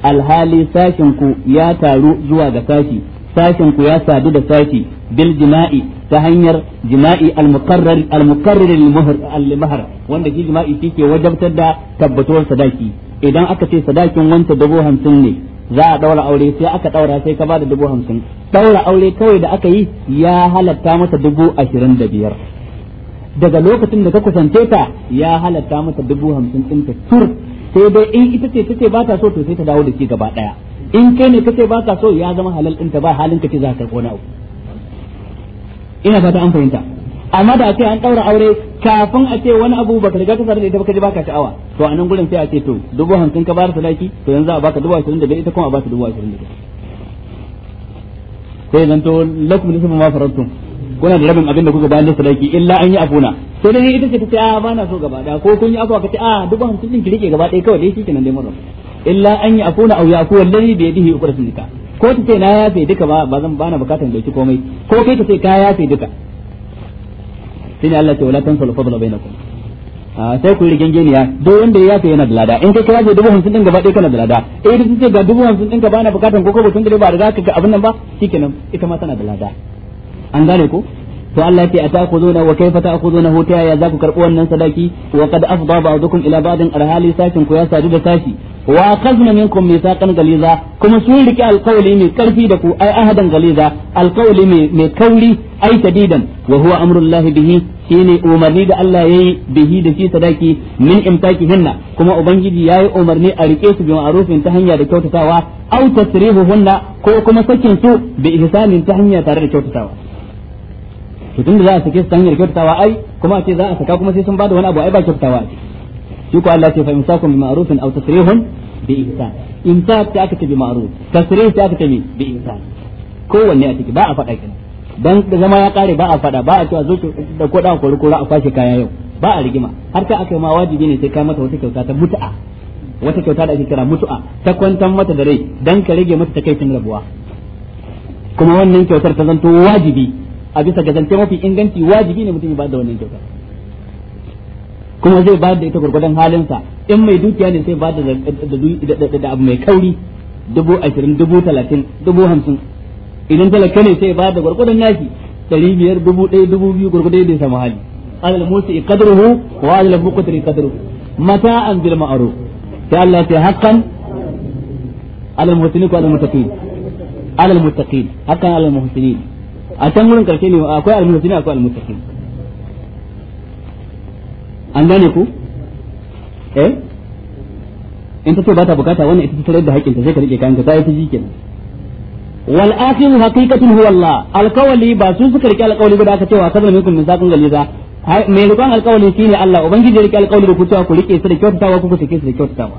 الهالي ساشنكو يا تارو زواج ساشي sashin ku ya sadu da sashi bil jima'i ta hanyar jima'i al-muqarrar al-muqarrar wanda shi jima'i shike wajabtar da tabbatuwar sadaki idan aka ce sadakin wanta dubu hamsin ne za a daura aure sai aka daura sai ka bada dubu hamsin daura aure kawai da aka yi ya halatta mata dubu ashirin da biyar daga lokacin da ka kusance ta ya halatta mata dubu hamsin ɗinta tur sai dai in ita ce ta ce ba ta so to sai ta dawo da shi gaba ɗaya in kai ne kace ba ka so ya zama halal ɗinta ba halin ka ce za ka kona uku ina fata an fahimta amma da ce an ɗaura aure kafin a ce wani abu baka riga ka sarrafa ita baka ji baka sha'awa to a nan gurin sai a ce to dubu hamsin ka bayar sadaki to yanzu a baka dubu ashirin da bai ita kuma a baka dubu ashirin da biyar sai zan to lakum nisfu ma farantum kuna da rabin abin da kuka bayar da sadaki illa an yi afuna sai dai ita ce ta ce a ba na so gaba da ko kun yi afuwa ka ce a dubu hamsin din ki rike gaba ɗaya kawai dai shi kenan dai mun illa an ya akuna au ya aku wallahi bi yadihi uqratun nikah ko ta ce na yafe duka ba ba zan bana bukatan dauki komai ko kai ta ce ka yafe duka sai ne Allah ce wala tansul fadla bainakum a ah, sai ku rigengeniya duk wanda ya yafe yana da lada in kai ka yafe dubu hamsin din gaba ɗaya kana da lada eh duk ce ga dubu hamsin din ka bana bukatan ko ko tun da ba riga ka ga abin nan ba shikenan ita ma tana da lada an gane ko to Allah ke zuna wa kaifa ta ku zuna ta ya za ku karɓi wannan sadaki wa kad afda ba'dukum ila ba'din arhali sakin ku ya sadu da sashi wa akhadna minkum mithaqan galiza kuma sun rike alqawli mai karfi da ku ai ahadan galiza alqawli mai mai kauri ai tadidan wa huwa amrullahi bihi shine umarni da Allah yayi bihi da shi sadaki min hinna kuma ubangiji yayi umarni a rike su bi ma'rufin ta hanya da kyautatawa au tasrihuhunna ko kuma sakin su bi ihsanin ta hanya tare da kyautatawa to tunda za a sake su ta hanyar kyautatawa ai kuma a ce za a saka kuma sai sun bada wani abu ai ba kyautatawa ce shi ko Allah ce fa imsakun bi ma'rufin aw tasrihun bi ihsan imsak ta aka ce bi ma'ruf tasrih ta aka ce bi ihsan kowanne a ciki ba a faɗa kenan dan da zama ya kare ba a faɗa ba a cewa zo da ko da kori kora a kwashe kaya yau ba a rigima har ta aka ma wajibi ne sai kai mata wata kyauta ta mutu'a wata kyauta da ake kira mutu'a ta kwantar mata da rai dan ka rage mata takaicin rabuwa kuma wannan kyautar ta zanto wajibi a bisa ga zance mafi inganci wajibi ne mutum ya ba da wannan kyautar kuma zai bayar da ita gurgurdan halinsa in mai dukiya ne sai bayar da da da abu mai kauri dubu ashirin dubu talatin dubu hamsin idan talaka ne sai bayar da gurgurdan nashi ɗari biyar dubu ɗaya dubu biyu gurgudan da ya samu hali alal musi qadruhu wa alal muqtari mata an bil ma'ruf sai Allah ya haqqan alal muhsinin ko alal muttaqin alal muttaqin haqqan alal muhsinin a can wurin karshe ne akwai al muhsinin akwai al muttaqin an gane ku eh in ta ba ta bukata wannan ita ta tarar da haƙƙinta sai ka rike kayan ka sai ta ji kenan wal akhiru haqiqatun huwa Allah alqawli ba su suka rike alqawli ba da aka cewa kaza minkum min zaqan galiza mai rikon alqawli shine Allah ubangiji rike alqawli da ku cewa ku rike su da kyautatawa ku ku su da kyautatawa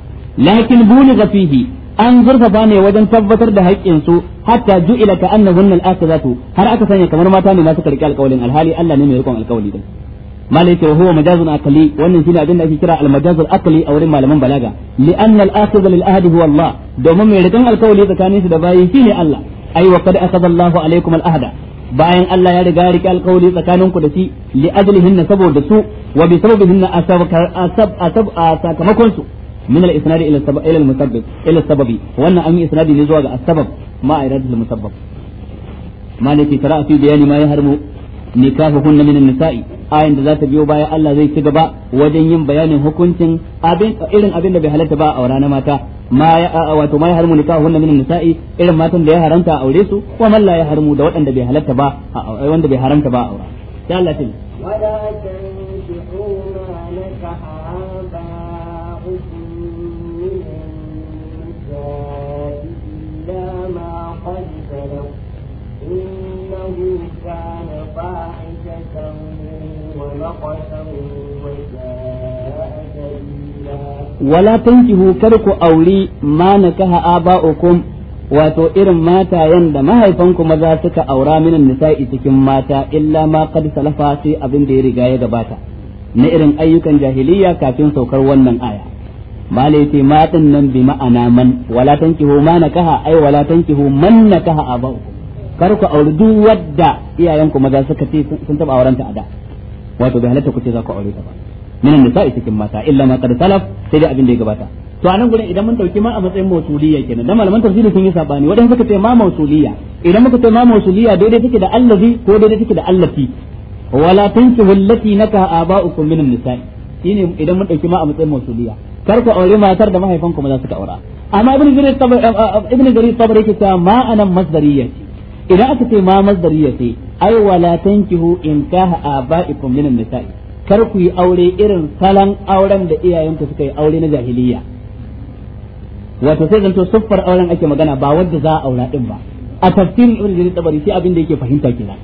lakin buligha fihi an zurfafa ne wajen tabbatar da haƙƙin su hatta ju'ila ka annahunna al-akhiratu har aka sanya kamar mata ne ma suka rike alqawlin alhali Allah ne mai rikon alkawali din malai ce huwa majazun akali wannan shine abin da ake kira al-majazul akali a wurin malaman balaga li'anna al-akhidh lil ahdi huwa Allah domin mai rikan alkawali tsakanin shi da bayi ne Allah ai wa qad akhadha Allahu alaykum bayan Allah ya riga rike alkawali tsakanin ku da shi li ajlihinna saboda su wa bi sababihinna asab sakamakon su min al-isnad ila ila al-musabbab wannan an yi isnadi ne zuwa ga as-sabab ma iradatul musabbab malai ce tara fi bayani ma ya harmu nikahuhunna minan nisa'i ayin da za ta biyo baya Allah zai ci gaba wajen yin bayanin hukuncin abin irin abin da bai halatta ba a aure na mata ma ya wato ma ya harmu nikahuhunna minan nisa'i irin matan da ya haramta a aure su ko man la ya harmu da waɗanda bai halatta ba a aure wanda bai haramta ba a aure sai Allah tin wala tankihu ma nakaha ba'ukum min illa ma qad فاحشة kar ku سبيلا ولا تنكحوا كرك أولي ما نكح آباؤكم wato irin mata da mahaifanku maza suka aura min nisa'i cikin mata illa ma qad salafa sai abin da ya riga ya gabata na irin ayyukan jahiliya kafin saukar wannan aya malaiti ma matan nan bi ma'ana man wala tankihu ma nakaha ai wala tankihu man nakaha abau kar ku aure duk wadda iyayenku maza suka ce sun taba auren ta a da wato bai halatta ku ce za ku aure ta ba minan sa'i cikin mata illa ma qad salaf sai dai abin da ya gabata to anan gurin idan mun dauki ma a matsayin mausuliyya kenan dan malaman tafsiri sun yi sabani wadanda suka ce ma mausuliyya idan muka ce ma mausuliyya daidai take da allazi ko daidai take da allati wala tankihu allati naka aba'ukum minan nisa'i shine idan mun dauki ma a matsayin mausuliyya kar ku aure matar da mahaifanku maza suka aura amma ibn jarir tabari ibn jarir tabari yake cewa ma anan masdariyya idan aka ce ma ya sai ai wala tankihu in kaha abaikum min nisa'i kar ku yi aure irin salan auren da iyayenku suka yi aure na jahiliya wato sai zanto siffar auren ake magana ba wanda za a aura din ba a tafsirin ibn jarir tabari sai abin da yake fahimta kenan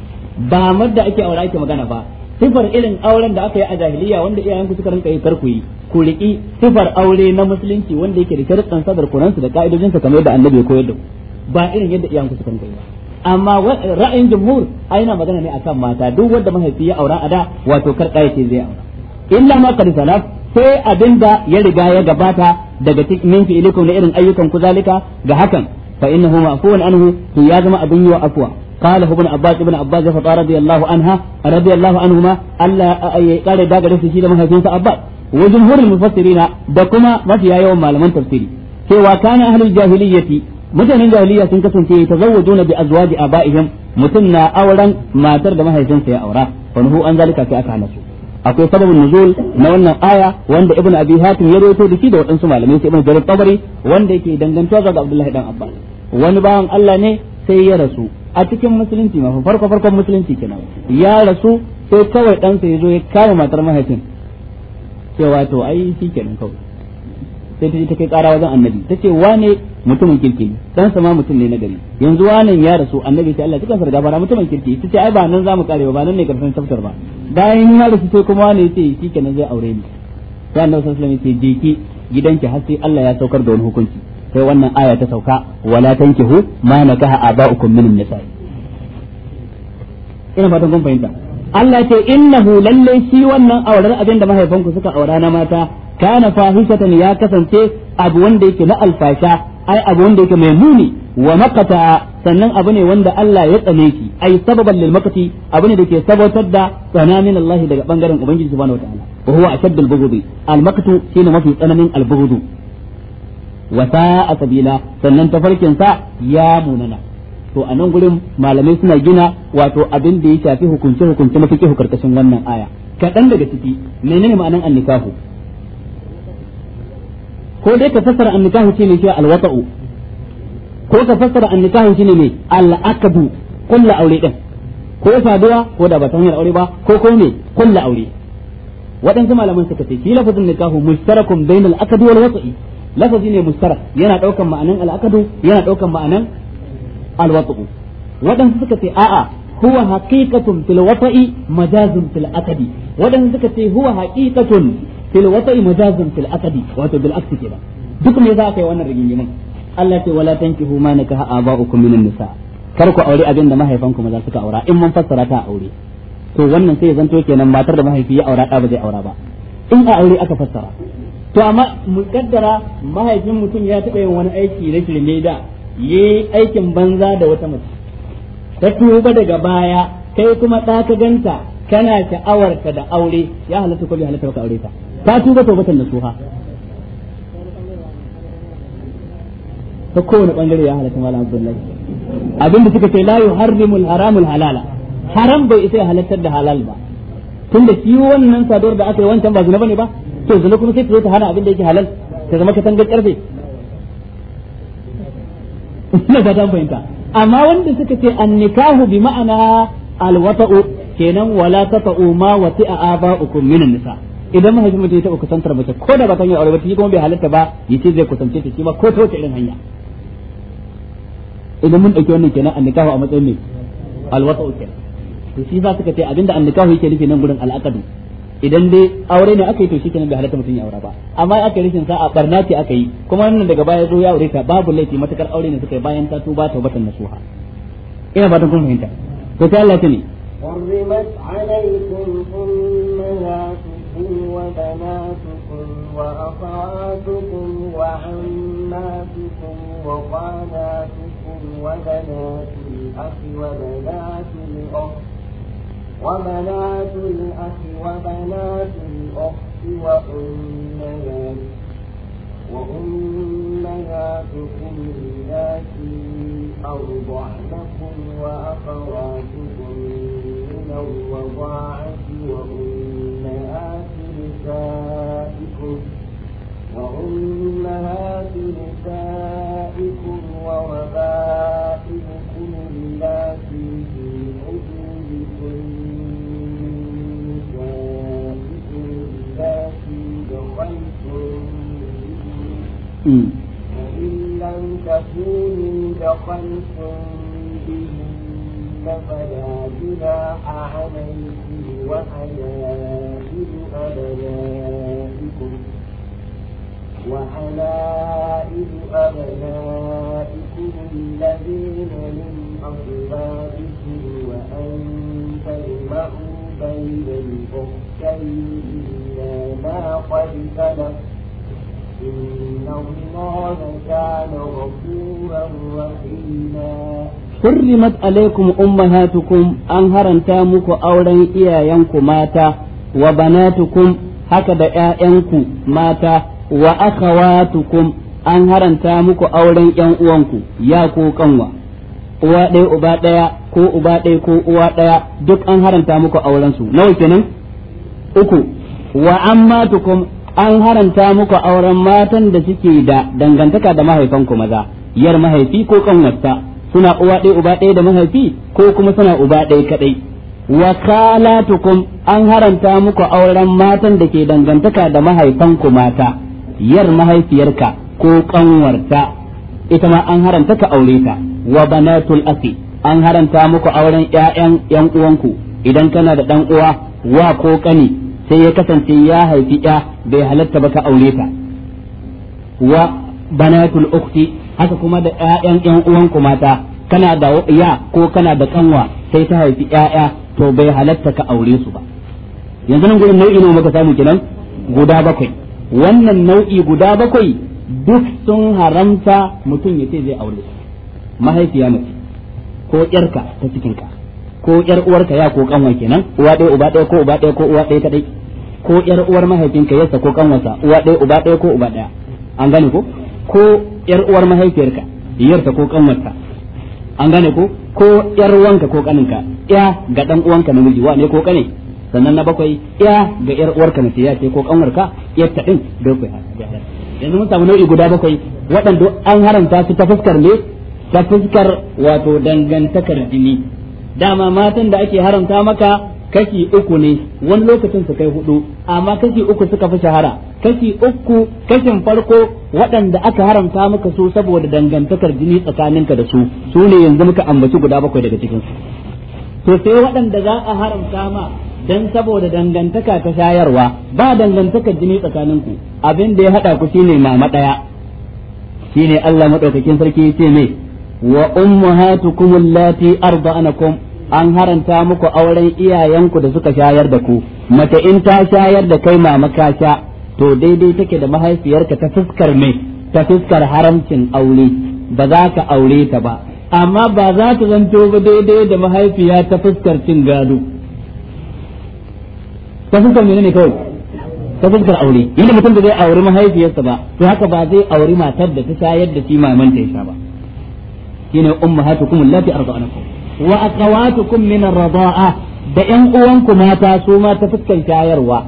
ba madda ake aura ake magana ba sifar irin auren da aka yi a jahiliya wanda iyayenku suka rinka yi ku yi ku riki sifar aure na musulunci wanda yake da sharuɗan sadar kuransu da ka'idojinsa kamar yadda annabi ya koyar da ku ba irin yadda iyayenku suka rinka yi ba amma ra'ayin jumhur aina magana ne akan mata duk wanda mahaifi ya aura ada wato karka yake zai aura illa ma qad salaf sai abinda ya riga ya gabata daga fi ilikum na irin ayyukan ku zalika ga hakan fa innahu ma'fuun anhu to ya zama abin yiwa afwa قال ابن عباس ابن عباس فطار رضي الله عنها رضي الله عنهما الا قال دا غرس شي لما هيفين عباس وجمهور المفسرين da kuma mafiya yawan malaman tafsiri cewa kana ahlul jahiliyyati mutanen jahiliya sun kasance ta tazawwajuna bi azwaji a abaihim mutum na auren matar da mahaifinsa ya aura fa nuhu an zalika sai aka hanasu akwai sababin nuzul na wannan aya wanda ibnu abi hatim ya rawaito da shi da wadansu malamai sai ibnu jarir tabari wanda yake dangantawa ga abdullahi dan abbas wani bawan Allah ne sai ya rasu a cikin musulunci ma farko farkon musulunci kenan ya rasu sai kawai ɗansa ya zo ya kama matar mahaifin cewa to ai shi kenan kawai sai ta je ta kai kara wajen annabi ta ce wane mutumin kirki ne sama mutum ne na gari yanzu wannan ya rasu annabi sai Allah ya kansa gafara mutumin kirki tace ai ba nan zamu kare ba nan ne karshen tafsir ba bayan ya rasu sai kuma wani yace shikenan zai aure ni sai annabi sallallahu alaihi wasallam yace ki gidanki har sai Allah ya saukar da wani hukunci sai wannan aya ta sauka wala tankihu ma nakaha aba'ukum min nisa'i ina fatan kun fahimta Allah ce innahu lalle shi wannan auren abin da mahaifanku suka aura na mata kana fahishatan ya kasance abu wanda yake na alfasha ai abu wanda yake mai muni wa makata sannan abu ne wanda Allah ya tsane shi ai sababan lil maqati abu ne dake sabotar da tsananin Allah daga bangaren ubangiji subhanahu wataala wa huwa ashaddul bughd al maqtu shine mafi tsananin al bughd wa sa'a sabila sannan tafarkin sa ya munana to a nan gurin malamai suna gina wato abin da ya shafi hukunce hukunce na fiqh karkashin wannan aya kaɗan daga ciki menene ma'anan annikahu ko dai ka fassara annikahu shine shi alwata'u ko ka fassara annikahu shine ne al'aqdu kullu aure din ko saduwa ko da ba ta aure ba ko ko ne kullu aure waɗansu malaman suka ce shi lafazin nikahu mushtarakun bainal aqdi wal wat'i lafazi ne mushtarak yana daukan ma'anan al'aqdu yana daukan ma'anan alwat'u waɗansu suka ce a'a huwa haqiqatun fil wat'i majazun fil aqdi waɗansu suka ce huwa haqiqatun fil wata'i majazun fil aqdi wato bil aqdi kenan duk me za ka yi wannan rigingimin Allah ce wala tankihu ma nakaha aba'ukum minan nisa kar ku aure abin da mahaifanku maza suka aura in mun fassara ta aure to wannan sai zanto kenan matar da mahaifi ya aura ba zai aura ba in a aure aka fassara to amma mu kaddara mahaifin mutum ya taɓa yin wani aiki na shirme da yi aikin banza da wata mace ta tuba daga baya kai kuma ɗa ka ganta kana sha'awarta da aure ya halatta ko bai halatta ka aure ta ta tuba tawbatan nasuha ta kowane bangare ya halatta malam abdullahi abinda suka ce la yuharrimu al-haramul halala haram bai isa ya halattar da halal ba tunda shi wannan saduwar da aka yi wancan ba zina bane ba to zina kuma sai ta hana abin da yake halal ta zama katangar karfe ina ba ta fahimta amma wanda suka ce annikahu bi ma'ana alwata'u kenan wala tata'u ma wati'a aba'ukum minan nisa' idan mun mutum ya taɓa kusantar mace ko da ba ta yi aure ba shi kuma bai halatta ba ya ce zai kusance ta shi ma ko ta wace irin hanya idan mun ɗauki wannan kenan annikahu a matsayin ne alwata uke to shi za suka ce abinda annikahu yake nufi nan gurin al'aqadu idan dai aure ne aka yi to shi kenan bai halatta mutum ya aura ba amma aka yi rashin sa'a barna ce aka yi kuma wannan daga baya zo ya aure ta babu laifi matakar aure ne suka yi bayan ta tuba taubatan nasuha ina fatan kun fahimta to sai Allah ya ce ne حرمت عليكم أمهاتكم وبناتكم وأخواتكم وعماتكم وخالاتكم وبنات الأخ وبنات الأخت وبنات الأخ وبنات الأخت وأمهات وأمهاتكم اللاتي أرضعنكم وأخواتكم من الرضاعة وأمهاتكم أمهات نسائكم وأمهات نسائكم وربائكم اللاتي في حجوركم من شانكم اللاتي دخلتم به وإن لم تكونوا دخلتم به فلا جناح عليكم وحلائل أبنائكم وحلائل أبنائكم الذين من أصلابكم وأن تجمعوا بين الأختين إلا ما قد سلف إن الله كان غفورا رحيما hurrimat alaikum ummahatukum an haranta muku auren iyayenku mata wa banatukum haka da ƴaƴanku mata wa akhawatukum an haranta muku auren ƴan uwanku ya ko kanwa uwa ɗaya uba ɗaya ko uba ɗaya ko uwa ɗaya duk an haranta muku auren su nawa kenan uku wa ammatukum an haranta muku auren matan da suke da dangantaka da mahaifanku maza yar mahaifi ko kanwarsa suna uwa ɗaya uba ɗaya da mahaifi ko kuma suna uba ɗaya kaɗai wakalatukum an haranta muku auren matan da ke dangantaka da mahaifanku mata yar mahaifiyarka ko ƙanwarta ita ma an haranta ka aure ta wa banatul asi an haranta muku auren ƴaƴan ƴan uwanku idan kana da ɗan uwa wa ko ƙani sai ya kasance ya haifi ƴa bai halatta ba ka aure ta wa banatul ukhti haka kuma da ƴaƴan ƴan uwanku mata kana da ya ko kana da kanwa sai ta haifi ƴaƴa to bai halatta ka aure su ba yanzu nan gurin nau'i nawa muka samu kenan guda bakwai wannan nau'i guda bakwai duk sun haramta mutum ya ce zai aure su mahaifiya mace ko ƴarka ta cikin ka ko ƴar uwarka ya ko kanwa kenan uwa ɗaya uba ɗaya ko uba ɗaya ko uwa ɗaya kadai ko ƴar uwar mahaifinka yasa ko sa uwa ɗaya uba ɗaya ko uba ɗaya an gane ko ko yar uwar mahaifiyarka yarta ko kanwarta an gane ko ko yar wanka ko kaninka ya ga dan uwanka namiji wa ne ko kane sannan na bakwai ya ga yar uwarka mace ya ce ko kanwarka yarta din da ku yanzu mun samu nau'i guda bakwai waɗanda an haramta su ta fuskar ne ta fuskar wato dangantakar jini dama matan da ake haramta maka kashi uku ne wani lokacin su kai hudu amma kashi uku suka fi shahara kashi uku kashin farko waɗanda aka haramta maka su saboda dangantakar jini tsakaninka da su su ne yanzu muka ambaci guda bakwai daga cikin su to sai waɗanda za a haramta ma dan saboda dangantaka ta shayarwa ba dangantakar jini tsakaninku abin da ya haɗa ku shine mama ɗaya shine Allah madaukakin sarki ya ce me wa ummahatukum allati arda'anakum an haranta muku auren iyayenku da suka shayar da ku mace in ta shayar da kai mama ka sha to daidai take da mahaifiyarka ta fuskar me ta fuskar haramcin aure ba za ka aure ta ba amma ba za ta zanto ba daidai da mahaifiya ta fuskar cin gado ta fuskar ne kawai ta fuskar aure inda mutum da zai auri mahaifiyarsa ba to haka ba zai auri matar da ta shayar da shi mamanta ya sha ba shine ummahatukum allati arda'anakum wa aqawatukum min ar-rida'a da ƴan uwanku mata su ma ta fuskan shayarwa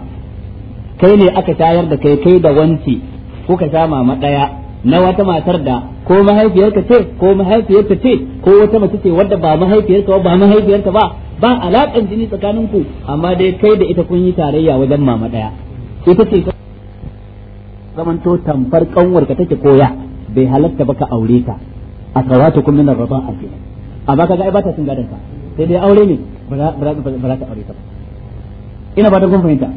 kai ne aka shayar da kai kai da wanci kuka sha mama daya na wata matar da ko mahaifiyarka ce ko mahaifiyarta ce ko wata mace ce wadda ba mahaifiyarka ba mahaifiyarta ba ba alaƙan jini tsakaninku amma dai kai da ita kun yi tarayya wajen mama daya ita ce to tamfar kanwarka take koya bai halatta ba ka aure ta a kawata kun amma kaga ai ba ta cin gadon ta sai dai aure ne ba za ta aure ta ina ba ta kun fahimta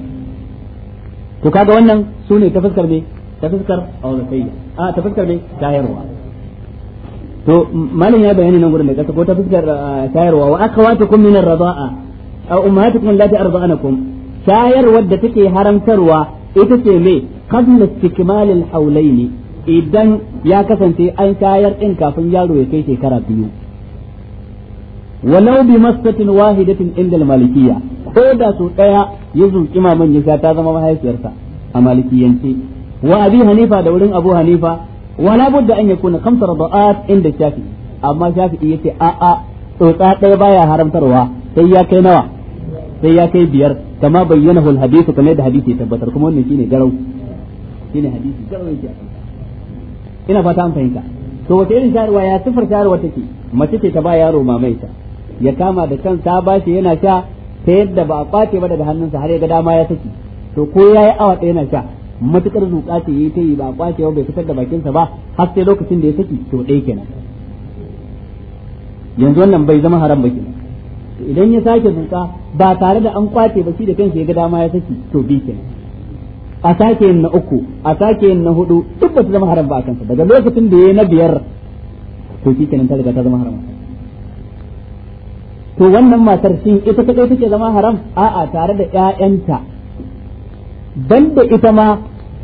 to kaga wannan sune ne ta fuskar ne ta fuskar auratayya a ta fuskar ne tayarwa to malin ya bayani nan gurin da kasa ko ta fuskar tayarwa wa akhawatukum min ar-rida'a aw ummahatukum allati arda'anakum tayarwar da take haramtarwa ita ce me qabla istikmal al hawlayn idan ya kasance an tayar din kafin yaro ya kai shekara biyu walau bi mastatin wahidatin inda malikiyya ko da sau ɗaya ya zuki maman ya sha zama mahaifiyarsa a malikiyance wa abi hanifa da wurin abu hanifa wala budda an yakuna khamsa rada'at inda shafi amma shafi'i yace a a ɗaya daya baya haramtarwa sai ya kai nawa sai ya kai biyar kama bayyana hul hadithu kamar yadda hadisi ya tabbatar kuma wannan shine garau shine hadisi garau yake ina fata an fahimta to wata irin shayarwa ya sifar shayarwa take mace ce ta ba yaro mamaita ya kama da kansa ba shi yana sha ta yadda ba a kwace ba daga hannunsa har ya ga dama ya saki to ko ya yi awa ɗaya yana sha matukar zuƙa ce yi ta yi ba a kwace ba bai fitar da bakinsa ba har sai lokacin da ya saki to ɗaya kenan yanzu wannan bai zama haram ba kenan idan ya sake zuƙa ba tare da an kwace ba shi da kansa ya ga dama ya saki to bi kenan a sake yin na uku a sake yin na hudu duk ba su zama haram ba a kansa daga lokacin da ya yi na biyar to shi kenan ta riga ta zama haram to wannan matar shi ita kai take zama haram a'a tare da ƴaƴanta da ita ma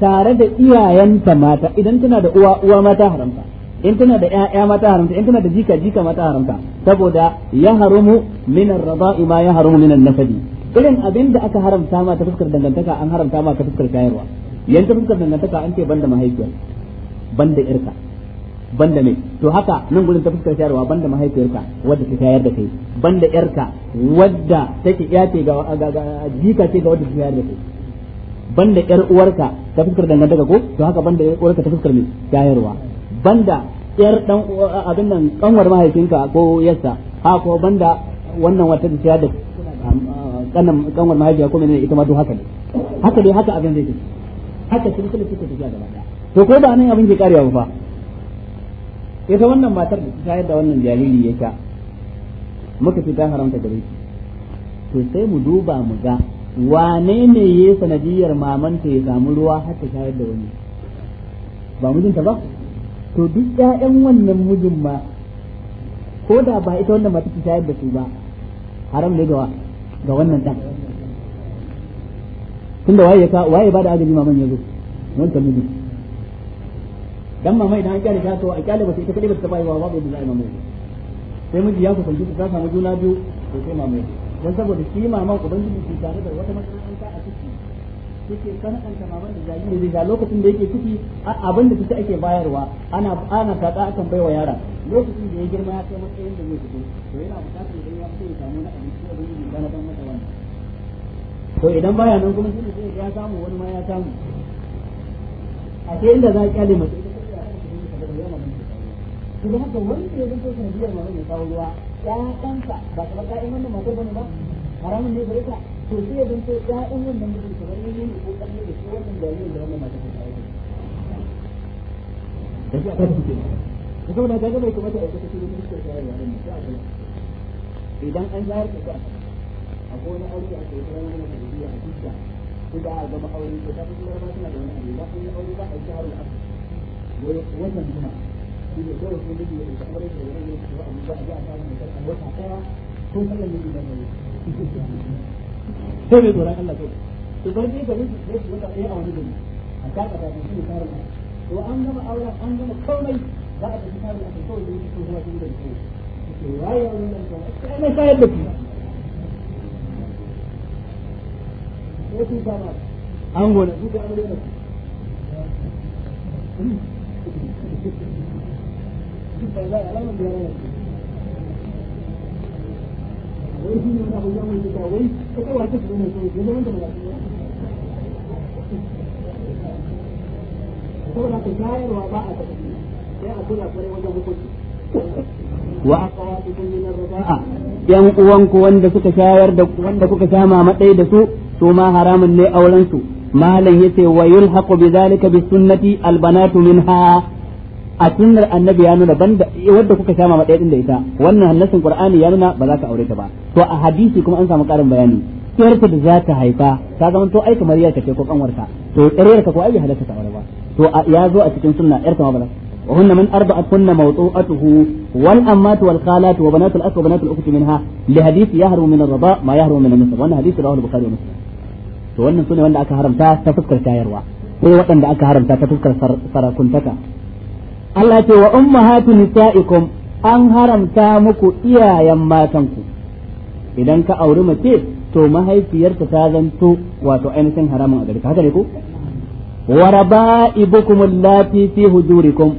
tare da iyayenta mata idan tana da uwa uwa mata haramta in tana da ƴaƴa mata haramta in tana da jika jika mata haramta saboda ya haramu min ar-rada'i ma ya haramu min an-nasabi irin abin da aka haramta ma ta fuskar dangantaka an haramta ma ta fuskar shayarwa yan fuskar dangantaka an ce banda mahaifiyar banda irka banda ne to haka nan gurin ta fuskar shayarwa banda mahaifiyarka wadda ta shayar da kai banda yarka wadda take iya ce ga jika ce ga wadda ta shayar da kai banda yar uwarka ta fuskar dangantaka ko to haka banda yar uwarka ta fuskar me shayarwa banda yar dan abin nan kanwar mahaifinka ko yarsa ha ko banda wannan wata ta shayar da kanan kanwar mahaifiya ko menene ita ma to haka ne haka dai haka abin zai ce haka sun kula suka tafiya da baya to ko da nan abin ke karewa ba ita wannan matar da ta shayar da wannan jariri ya sha muka fi ta haramta gare shi to sai mu duba mu ga wane ne ya sanadiyar mamanta ya samu ruwa har ta shayar da wani ba mijinta ba to duk ƴaƴan wannan mijin ma ko da ba ita wannan matar ta shayar da su ba haram ne ga wannan dan tunda waye ka waye ba da azumi maman yazo wannan mijin dan mama idan an kyale ta to a kyale ba sai ita kadai ba ta bai wa babu da zai mamaye sai miji ya kusanci ta samu juna biyu to sai mamaye dan saboda shi ban ubangiji ke tare da wata makaranta a ciki yake ta mama da jariri da lokacin da yake ciki abin da kike ake bayarwa ana ana kada akan baiwa yaran lokacin da ya girma ya kai matsayin da zai fito to yana bukatar da ya fito ya samu na abinci da zai dan mata wannan to idan baya nan kuma shi ne ya samu wani ma ya samu a ke inda za ka kyale ita. ya mana da kawo kuma haka wanda ya zanto sanadiyar mana da kawo ruwa ƴaƴansa ba kamar ƴaƴan wannan matar bane ba haramun ne gare ka to sai ya zanto ƴaƴan wannan mutum kamar yin ko kokari da shi wannan jaririn da wannan matar ta kawo da shi a kan su kenan kuma na kaga bai kamata a aikata shi ne da shi ya yi wannan idan an zahar ka ka akwai wani aure a kai ran wannan da a cikin da a gama aure to ta fi kuma ba suna da wani abu ba kun aure ba a yi shaharul asali wannan juma shi ne kawai da wani ne ba a ji a wata ɗaya ko da tsoron Allah to ga ko ɗaya a wani a kaka ta shi ne to an gama an gama komai za a tafi a kawai da kawai to waye ko da ko tun sama an gona su da wai yan uwanku wanda suka shayar da wanda kuka sha mamadai da su su ma haramun ne auren su malam yace wa yulhaqu bi zalika bi sunnati al banatu minha a sunnar annabi ya nuna banda wanda kuka shama ma ɗaya da ita wannan hannasin qur'ani ya nuna ba za ka aure ta ba to a hadisi kuma an samu karin bayani yarta da za ta haifa ta zama to ai kamar yarka ce ko kanwarka to ƙaryar ka ko ai halatta ta aure ba to ya zo a cikin sunna yarta ma ba وهن من أربعة كن موطوءته والأمات والخالات وبنات الأخ وبنات الأخت منها لحديث يهرم من الرضاء ما يهرم من النسب وأن حديث رواه البخاري ومسلم to wannan sune wanda aka haramta ta fuskar shayarwa ko waɗanda aka haramta ta fuskar sarakuntaka Allah ce wa umma ummahatu nisaikum an haramta muku iyayen matan ku. idan ka auri mace to mahaifiyarta ta zanto wato ainihin haramun a gari haka ne ko wa raba'ibukum allati fi hujurikum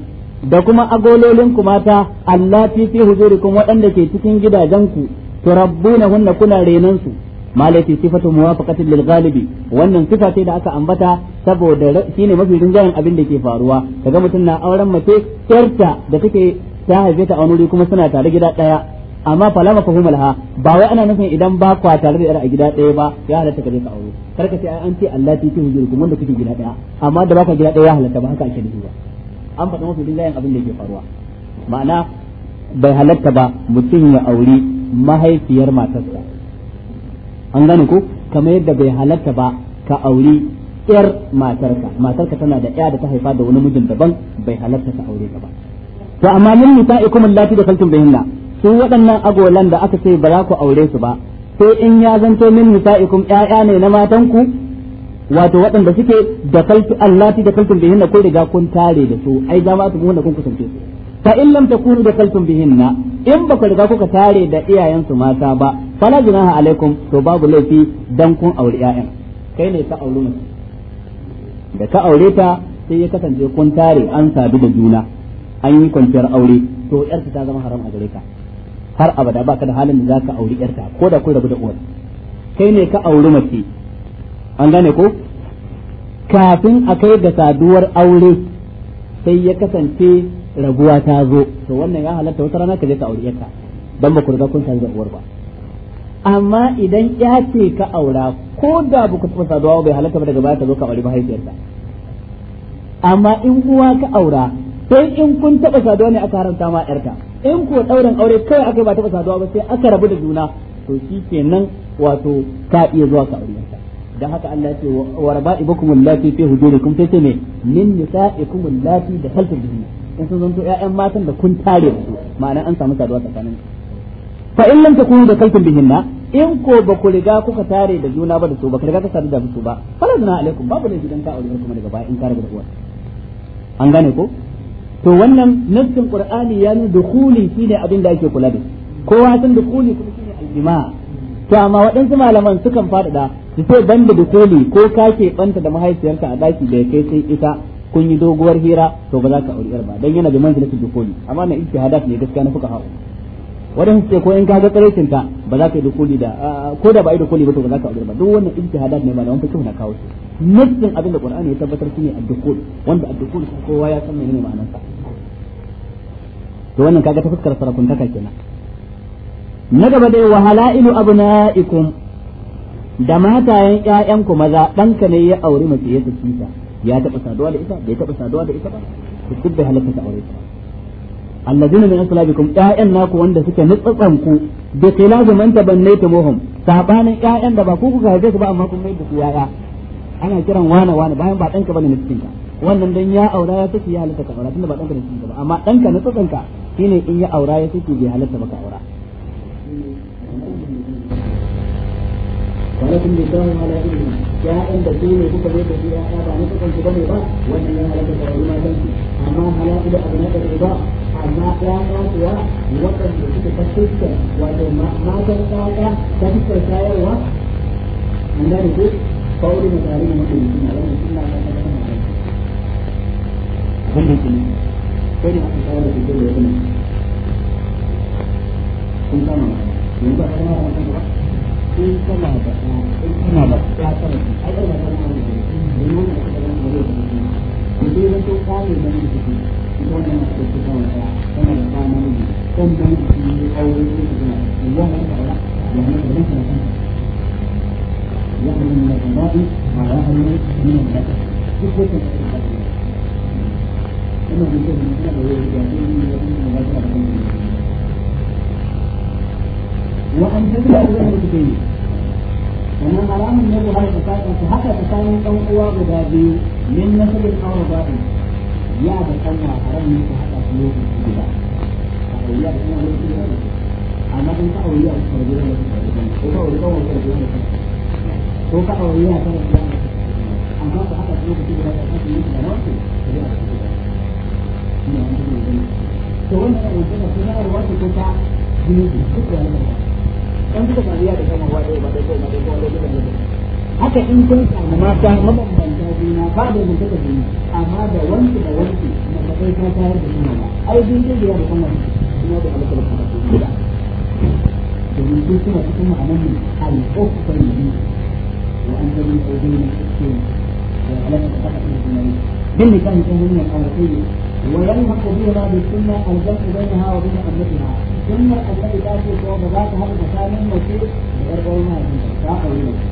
da kuma agololin ku mata allati fi hujurikum waɗanda ke cikin gidajenku turabbunahunna kuna renan su malati sifatu muwafaqatin lil ghalibi wannan sifa ce da aka ambata saboda shine mafi rinjayen abin da ke faruwa kaga mutum na auren mace kyarta da take ta haife ta a kuma suna tare gida daya amma fala ma fahimu laha ba wai ana nufin idan ba kwa tare da yar a gida daya ba ya halatta ka je ka aure kar ka ce an ce Allah ti tuhu kuma wanda kuke gida daya amma da baka gida daya ya halatta ba haka ake nufi ba an faɗa mafi rinjayen abin da ke faruwa ma'ana bai halatta ba mutum ya auri mahaifiyar matarsa an gane ko kamar yadda bai halatta ba ka auri yar matarka matarka tana da ya da ta haifa da wani mijin daban bai halatta ka aure ka ba to amma min nisa'ikum allati dakhaltum bihinna su waɗannan agolan da aka ce ba za ku aure su ba sai in ya zanto min nisa'ikum ƴaƴa ne na matanku wato waɗanda suke dakaltu allati dakaltum bihinna ko riga kun tare da su ai jama'atu mun da kun kusance su fa in lam takunu dakaltum bihinna in ba ku riga kuka tare da iyayensu mata ba fala junaha alaikum to babu laifi dan kun aure ƴaƴan kai ne ka aure mutum da ka aure ta sai ya kasance kun tare an sadu da juna an yi kwanciyar aure to yarta ta zama haram a gare ka har abada ba ka da halin da zaka aure yarta ko da kun rabu da uwar kai ne ka aure mace an gane ko kafin a kai ga saduwar aure sai ya kasance rabuwa ta zo to wannan ya halatta wata rana ka je ka aure yarta dan ba ku riga kun san da uwar ba amma idan ya ce ka aura ko da ba ku taɓa saduwa bai halatta ba daga baya ta zo ka aure mahaifiyarta amma in kuwa ka aura sai in kun taɓa saduwa ne aka haramta ma yarka in ko ɗaurin aure kawai aka ba taɓa saduwa ba sai aka rabu da juna to shi ke nan wato ka iya zuwa ka aure dan haka Allah ya ce wa bakum allati fi hudurikum sai ce min nisa'ikum allati dakhaltum bihinna in sun zanto ƴaƴan matan da kun tare da su ma'ana an samu saduwa tsakanin fa in lam takunu da kalkin bihinna in ko ba ku riga kuka tare da juna ba da su ba ka riga ka sadu da su ba fala na alaikum babu ne gidan ka aure kuma daga baya in ka rabu da uwar an gane ko to wannan nassin qur'ani ya nuna dukhuli shine abin da ake kula da kowa san dukhuli kuma shine aljima to amma waɗansu malaman sukan faɗaɗa su ce banda dukhuli ko ka ke banta da mahaifiyarka a daki da kai sai ita kun yi doguwar hira to ba za ka aure ba dan yana da manzilatu dukhuli amma na ijtihadat ne gaskiya na fuka hawa wadan ce ko in kaga tsarikin ta ba za ka yi dukuli da ko da ba yi dukuli ba to ba za ka aure ba duk wannan ijtihadat ne malaman fiqh na kawo su nassin abin da qur'ani ya tabbatar ne ad-dukul wanda ad-dukul kowa ya san menene ma'anar sa to wannan kaga ta fuskar sarakun taka kenan na gaba dai wa halailu abnaikum da matayen ƴaƴanku maza ka ne ya auri mace ya saki ta ya taɓa saduwa da ita bai taɓa saduwa da ita ba duk da halaka ta aure ta alladina min aslabikum ƴaƴan naku wanda suke nutsatsan ku bi khilafi man tabannayta muhum sabanin ƴaƴan da ba ku kuka haife su ba amma kun mai da su yaya ana kiran wana wana bayan ba danka bane ka wannan dan ya aura ya saki ya halatta ka aura tunda ba danka ne ba amma danka nutsatsan ka shine in ya aura ya saki bai halatta ba ka aura ولكن بيتهم على إذن يا أن تكونوا كفروا في أحد عنكم كبني با وأن لا هلك تعلمات أما هلاك أبناء العباد amma ɗaya kuwa waɗanda suka ta fuskar wato matan ɗaya ta fuskar shayarwa an da ko fauri na tare da mutum suna wannan suna ta na kama da abin da ke nan kai da aka shayar da su da wani kun kama yanzu ba kama da mutum ba in kama da in kama da ya kama da ai ba kama da mutum ne ne ne ne ne ne ne ne da ne ne ne ne ne وأن تدرك غير المتدين ومن حرام النبي هذا فهكذا تسامي أو قوى غدابي من نسب أو ربائي ya da kanwa haram ne ka haɗa su lokaci guda a auriya da kuma lokaci guda ne amma kun ka auriya da kuma guda ne ko ka auriya da kuma guda ko ka auriya da kuma amma ka haɗa su lokaci guda da kasu lokaci da wasu ka yi a cikin guda ina wani kuma to wannan yana magana ko na arwa ko ta zunubi duk da wannan dan duka ba ya da kanwa ba dai ba dai ko ma dai ko haka in kun samu mata mabambanta juna ba da mutum da juna amma da wanki da wanki na ba ta tayar da juna ba ai jin jin da kuma kuma da alƙa da juna domin suna cikin ma'anar ne al'uffan yi wa an zama ƙoƙari na da alaƙa da ƙasa da juna ne bin da kan kan wannan ƙarfi ne ويلحق بهما بالسنة ta بينها وبين قبلتها da ta تأتي فوق ذاتها بمكان وشيء غير قولنا الجنة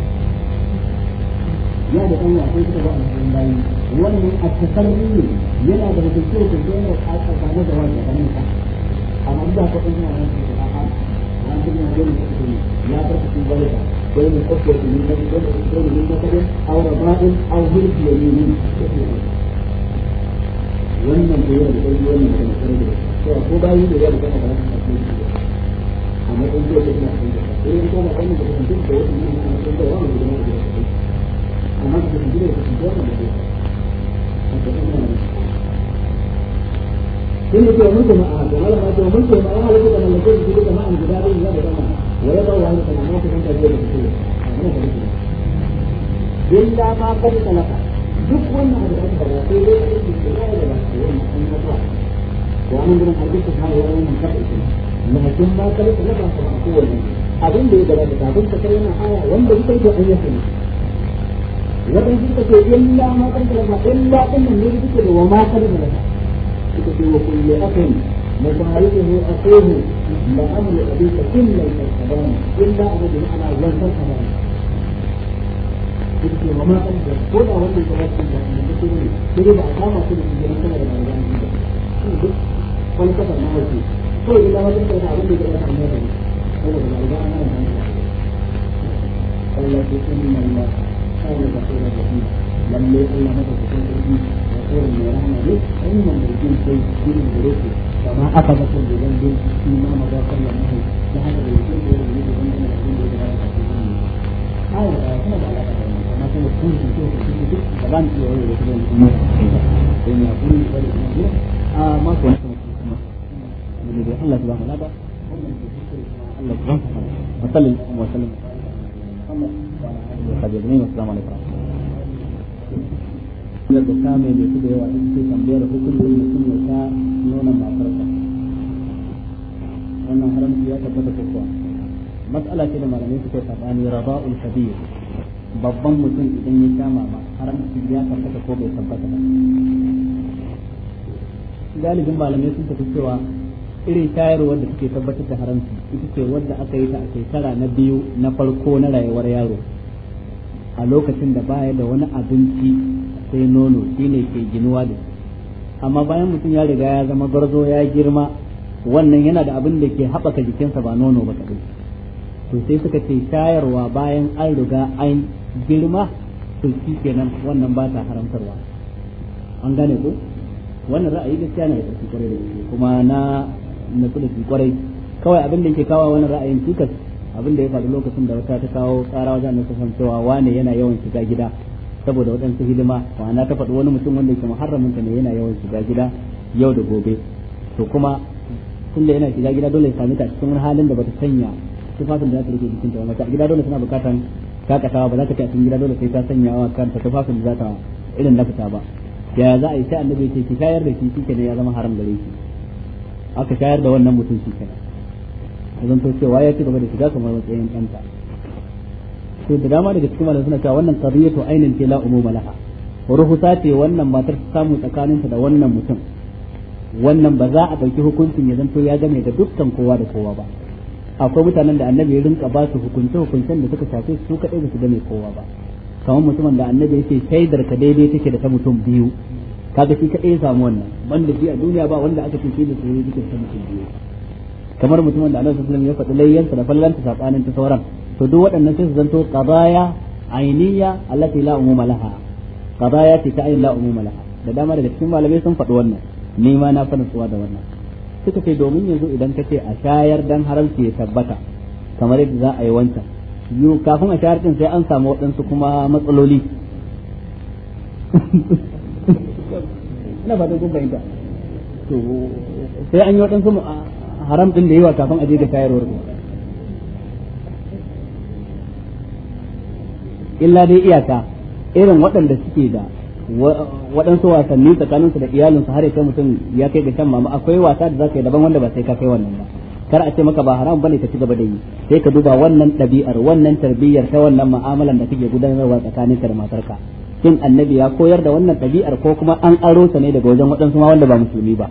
yana da ɗan wasan suka ba a cikin bayi wannan a tafarri ne yana da mutunce da yana da tsakanin da wani tsakanin ka amma da ka ɗan yana da a'a an kuma yana da mutunce ya farka cikin bayi ka بين الحكمة من مثل الإسلام من مثل أو رضاء أو ملك يمين wannan da yau da kai wannan da kai da to ko bayi da yau da kai da amma kun zo da kuma da ko ko ma wannan da kun da wannan da kun da wannan da kun da إن في منكم أحد ولا ما في منكم أحد لك من يكون في لك ماء جبال لا بدما ويضع عنك العناك من تجيب الكثير إلا ما قد سلف duk wannan abu da aka ba sai dai ake da ba su yi an na ba wa nan gurin hadisi ta hawo wannan kafa ce lakin ma kada ka lafa ko wannan abin da ya gaba da kafin ka kai wannan aya wanda yake da rabin shi take illa ma kan talaka illa kun nan ne take da wa ma kan talaka take ce wa kullu akin la ta'rifuhu aquhu la amru abika illa al-kaban illa abadu ala wal kaban take wa ma kan talaka ko da wanda ya rabu da ne take ne sai ba a kama su da jiran kana da bayan gida duk wani kafa na waje ko illa ma kan talaka abin da ya rabu da ne saboda ba ga an nan kan talaka Allah ya tsare mu كان بخير الرحيم لما يقول له بخير الرحيم يقول الميران به ان الرجيم شيء من الظروف فما اخذكم بذنب فيما مضى قبل النهي لهذا الرجيم غير يريد ذنبا يكون بغير هذا كما على كما كان يكون في شيء في شيء طبعا في غير كده ان يقول ذلك ما كنت الله سبحانه وتعالى الله سبحانه وتعالى وصلى وسلم Hajjar Minu, Assalamu alaikum. Yar da ta mai da yawa ita ce tambayar hukuncin mutum ya sha nuna matarsa. Wannan haramci ya tabbata ko kuwa. Matsala ce da malamai suke sabani raba'ul kabir. Babban mutum idan ya sha mama haramci ya tabbata ko bai tabbata ba. Galibin malamai sun tafi cewa irin tayarwar da suke tabbatar da haramci ita ce wadda aka yi ta a shekara na biyu na farko na rayuwar yaro a lokacin da baya da wani abinci sai nono shine ke ginuwa da amma bayan mutum ya riga ya zama garzo ya girma wannan yana da abin da ke haɓaka jikinsa ba nono ba kaɗai to sai suka ce shayarwa bayan an riga an girma to shi kenan wannan ba ta haramtarwa an gane ko wannan ra'ayi gaskiya na da ƙarfi kwarai da kuma na na kwarai kawai abin da yake kawo wani ra'ayin cikas abin da ya faru lokacin da wata ta kawo tsara wajen da kusan cewa wane yana yawan shiga gida saboda waɗansu hidima ma'ana ta faɗi wani mutum wanda ke muharramin ta ne yana yawan shiga gida yau da gobe to kuma da yana shiga gida dole ya sami ta cikin wani halin da bata sanya tufafin da za ta rike jikinta ba mata gida dole suna bukatan kakatawa ba za ta ce a cikin gida dole sai ta sanya wa kanta tufafin da za ta irin na fita ba ya za a yi sai annabi ce ki shayar da shi shi ne ya zama haram gare shi aka shayar da wannan mutum shi kenan zan to cewa ya ci gaba da shiga kamar matsayin ɗanta to da dama daga cikin malamai suna cewa wannan qadiyatu ainin ce la umuma laha ruhusa ce wannan matar ta samu tsakaninta da wannan mutum wannan ba za a ɗauki hukuncin ya zanto ya game da dukkan kowa da kowa ba akwai mutanen da annabi ya rinka ba su hukunce hukuncen da suka shafe su kaɗai ba su game kowa ba kamar mutumin da annabi ya ce shaidar ka daidai take da ta mutum biyu kaga shi kaɗai ya samu wannan banda shi a duniya ba wanda aka ce shi da daidai take ta mutum biyu kamar mutumin da Annabi sallallahu ya faɗi layyansa da fallanta sabanin ta sauran to duk waɗannan sai su zanto qadaya ainiya allati la umuma laha qadaya ce ta ayin la umuma laha da dama daga cikin malamai sun faɗi wannan ni ma na fara suwa da wannan suka ce domin yanzu idan ka ce a shayar dan haramci ya tabbata kamar yadda za a yi wancan yu kafin a shayar din sai an samu waɗansu kuma matsaloli ina fatan kun fahimta to sai an yi waɗansu haram din da yawa kafin aje da tayarwar ku illa dai iyaka irin waɗanda suke da waɗansu wasanni tsakaninsu da iyalinsu har ya kai mutum ya kai ga shan akwai wasa da za yi daban wanda ba sai ka kai wannan ba kar a ce maka ba haram bane ka ci gaba da yi sai ka duba wannan ɗabi'ar wannan tarbiyyar ta wannan mu'amalan da kake gudanarwa ka da matarka kin annabi ya koyar da wannan ɗabi'ar ko kuma an aro ta ne daga wajen waɗansu ma wanda ba musulmi ba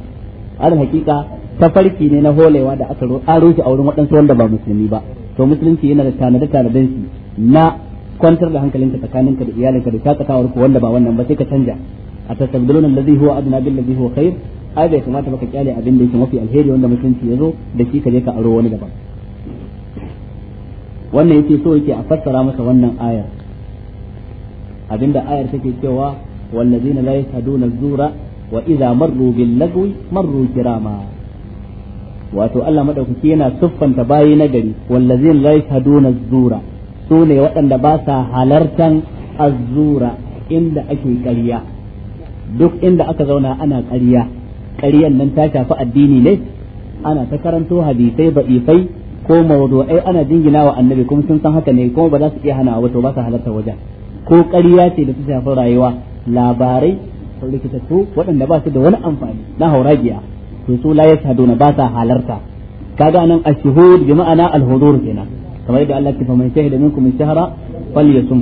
da hakika tafarki ne na holewa da aka aro shi a wurin waɗansu wanda ba musulmi ba to musulunci yana da tanade tanaden shi na kwantar da hankalinka tsakaninka da iyalinka da shakatawar ku wanda ba wannan ba sai ka canja a tasabbiluna alladhi huwa adna bil ladhi huwa khair ai bai kamata baka kyale abin da yake mafi alheri wanda musulunci yazo da shi ka je ka aro wani daban wannan yake so yake a fassara masa wannan ayar abinda ayar take cewa wallazina la ta az-zura wa idza marru bil lagwi marru kirama wato Allah madaukaki yana siffanta bayi na gari wallazin la yashhaduna zura su ne waɗanda ba sa halartan azzura inda ake ƙarya duk inda aka zauna ana ƙarya ƙaryan nan ta shafi addini ne ana ta karanto hadisai ba'ifai ko mawdu'ai ana jingina wa annabi kuma sun san haka ne kuma ba za su iya hana wato ba sa halarta wajen ko ƙarya ce da ta shafi rayuwa labarai rikitattu waɗanda ba su da wani amfani na hauragiya to su la yashhaduna ba sa halarta kaga nan ashhud bi ma'ana al-hudur kenan kamar yadda Allah ke fa man shahida minkum shahra falyasum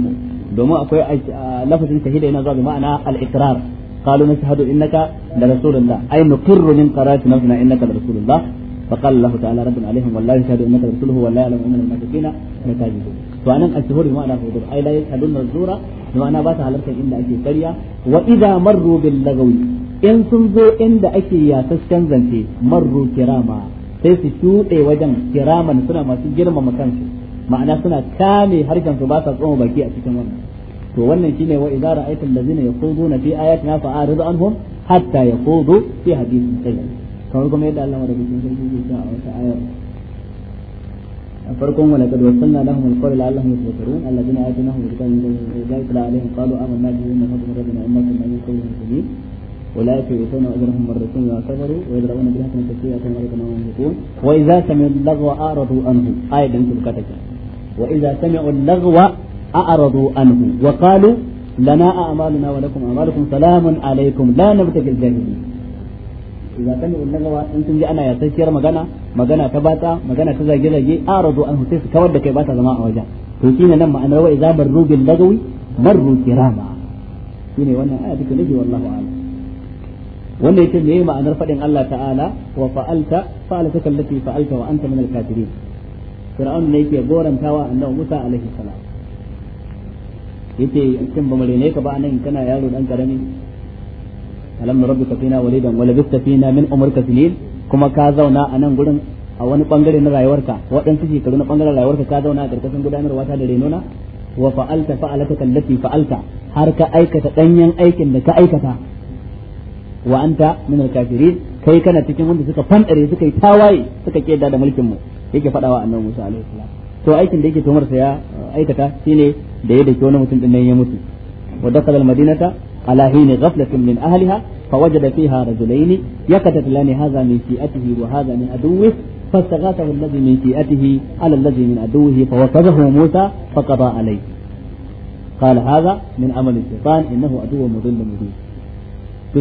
domin akwai lafazin shahida yana zuwa bi ma'ana al-iqrar qalu nashhadu innaka la rasulullah ay nuqirru min qararati nafsina innaka la rasulullah فقال الله تعالى رد عليهم والله يشهد انك رسوله والله يعلم ان المشركين مكاذبون فانا الشهور ما انا حضور اي لا يشهدون الزور وانا باتها لك الا في قريه واذا مروا باللغو in sun zo inda ake yasasken zance marru kirama sai su shuɗe wajen kiraman suna masu girmama kansu ma'ana suna kame harkan su ba sa tsoma baki a cikin wannan to wannan shine wa idza ra'aita allazina yaquduna fi ayatina fa'arid anhum hatta yaqudu fi hadithin sayyid kamar kuma yadda Allah bikin sai ya ta a wata ayar a farkon wala kad wasalna lahum alqawla la'allahum yatadhakkarun allazina atinahum dhikran min ذلك عليهم قالوا آمنا به إنه من ربنا إنا كنا من قبله مؤمنين أولئك يؤتون أجرهم مرتين وصبروا ويدرؤون بالحسنة السيئة وذلك ما هم يشركون وإذا سمعوا اللغو أعرضوا عنه آية بنت وإذا سمعوا اللغو أعرضوا عنه وقالوا لنا أعمالنا ولكم أعمالكم سلام عليكم لا نبتغي الجاهلين إذا سمعوا اللغو أنتم جاءنا يا سيسير مغانا مغانا تباتا مغانا تزاجي لجي أعرضوا عنه سيس كودك يباتا زماء وجه تنسينا لما أن روى إذا مروا باللغو مروا كراما shine wannan aya take nufi wallahu a'lam wanda yace meye ma'anar fadin Allah ta'ala wa fa'alta fa'alta kallati fa'alta wa anta min al-kafirin fir'aun ne yake gorantawa annabi Musa alaihi salam yace kin ba mare ne ka ba nan kana yaro dan karami alam rabbika fina walidan wa labista fina min umrika sinin kuma ka zauna a nan gurin a wani bangare na rayuwarka waɗansu shekaru na bangaren rayuwarka ka zauna a karkashin gudanarwa ta da renona wa fa'alta fa'alata kallati fa'alta har ka aikata danyen aikin da ka aikata wa anta min al-kafirin kai kana cikin wanda suka fandare suka yi tawaye suka keda da mulkin mu yake fadawa annabi Musa alaihi salam to aikin da yake tomar sa ya uh, aikata shine da ya dake wani mutum din nan ya mutu wa dakhala al-madinata ala hini ghaflatin min ahliha فوجد فيها رجلين يقتتلان هذا من شيئته وهذا من عدوه فاستغاثه الذي من شيئته على الذي من عدوه فوكزه موسى فقضى عليه قال هذا من عمل الشيطان انه عدو مضل مبين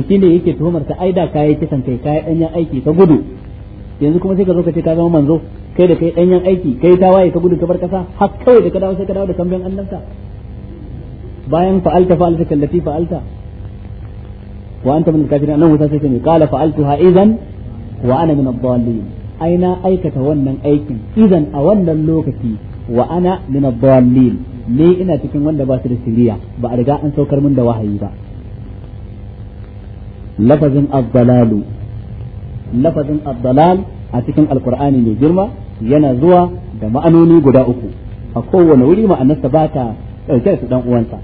to ne yake tuhumar ta aida ka yi kisan kai ka yi ɗanyen aiki ka gudu yanzu kuma sai ka zo ka ce ka zama manzo kai da kai ɗanyen aiki kai ta waye ka gudu ka bar kasa har kawai da ka dawo sai ka dawo da kambiyan annabta bayan fa'alta fa'alta kallafi fa'alta wa anta min kafirin annahu sai sai ne qala ha idan wa ana min ad-dallin ai na aikata wannan aikin idan a wannan lokaci wa ana min ad-dallin ni ina cikin wanda ba su da siriya ba a riga an saukar min da wahayi ba lafazin abdalalu lafazin abdalal a cikin alkur'ani mai girma yana zuwa da ma'anoni guda uku a kowane wuri ma'anarsa ba ta ɗauke da su dan uwansa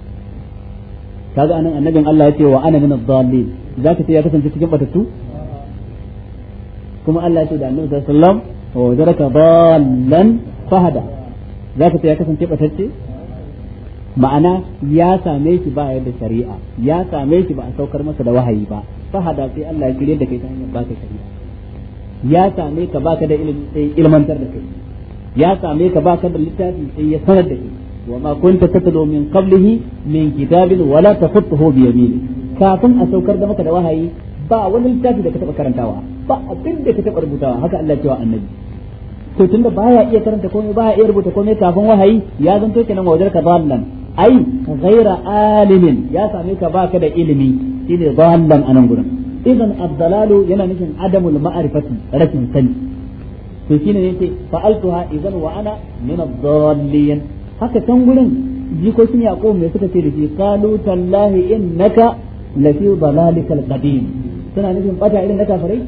kaga anan annabin Allah ya ce wa ana min ad-dallin zaka ce ya kasance cikin batattu kuma Allah ya ce da annabi sallallahu alaihi wasallam wa wajaraka dallan fahada zaka ce ya kasance batacce ma'ana ya same shi ba yadda shari'a ya same shi ba a saukar masa da wahayi ba fa hada sai Allah ya kire da kai ta hanyar baka shari'a ya same ka baka da ilimi sai ilmantar da kai ya same ka baka da littafi sai ya sanar da kai wa ma kunta tatlu min qablihi min kitabin wala tafutuhu bi yamini kafin a saukar da maka da wahayi ba wani littafi da ka taba karantawa ba abin da ka taba rubutawa haka Allah ya ce wa annabi to tunda baya iya karanta komai baya iya rubuta komai kafin wahayi ya zanto kenan wajar ka dallan ai ghaira alimin ya same ka baka da ilimi shine dallan anan gurin idan abdalalu yana nufin adamul ma'rifati rashin sani to shine yace fa'altuha idan wa ana min ad-dallin haka can gurin jikokin yaqub me suka ce da shi qalu tallahi innaka lafi dalalikal qadim suna nufin bata irin na kafirai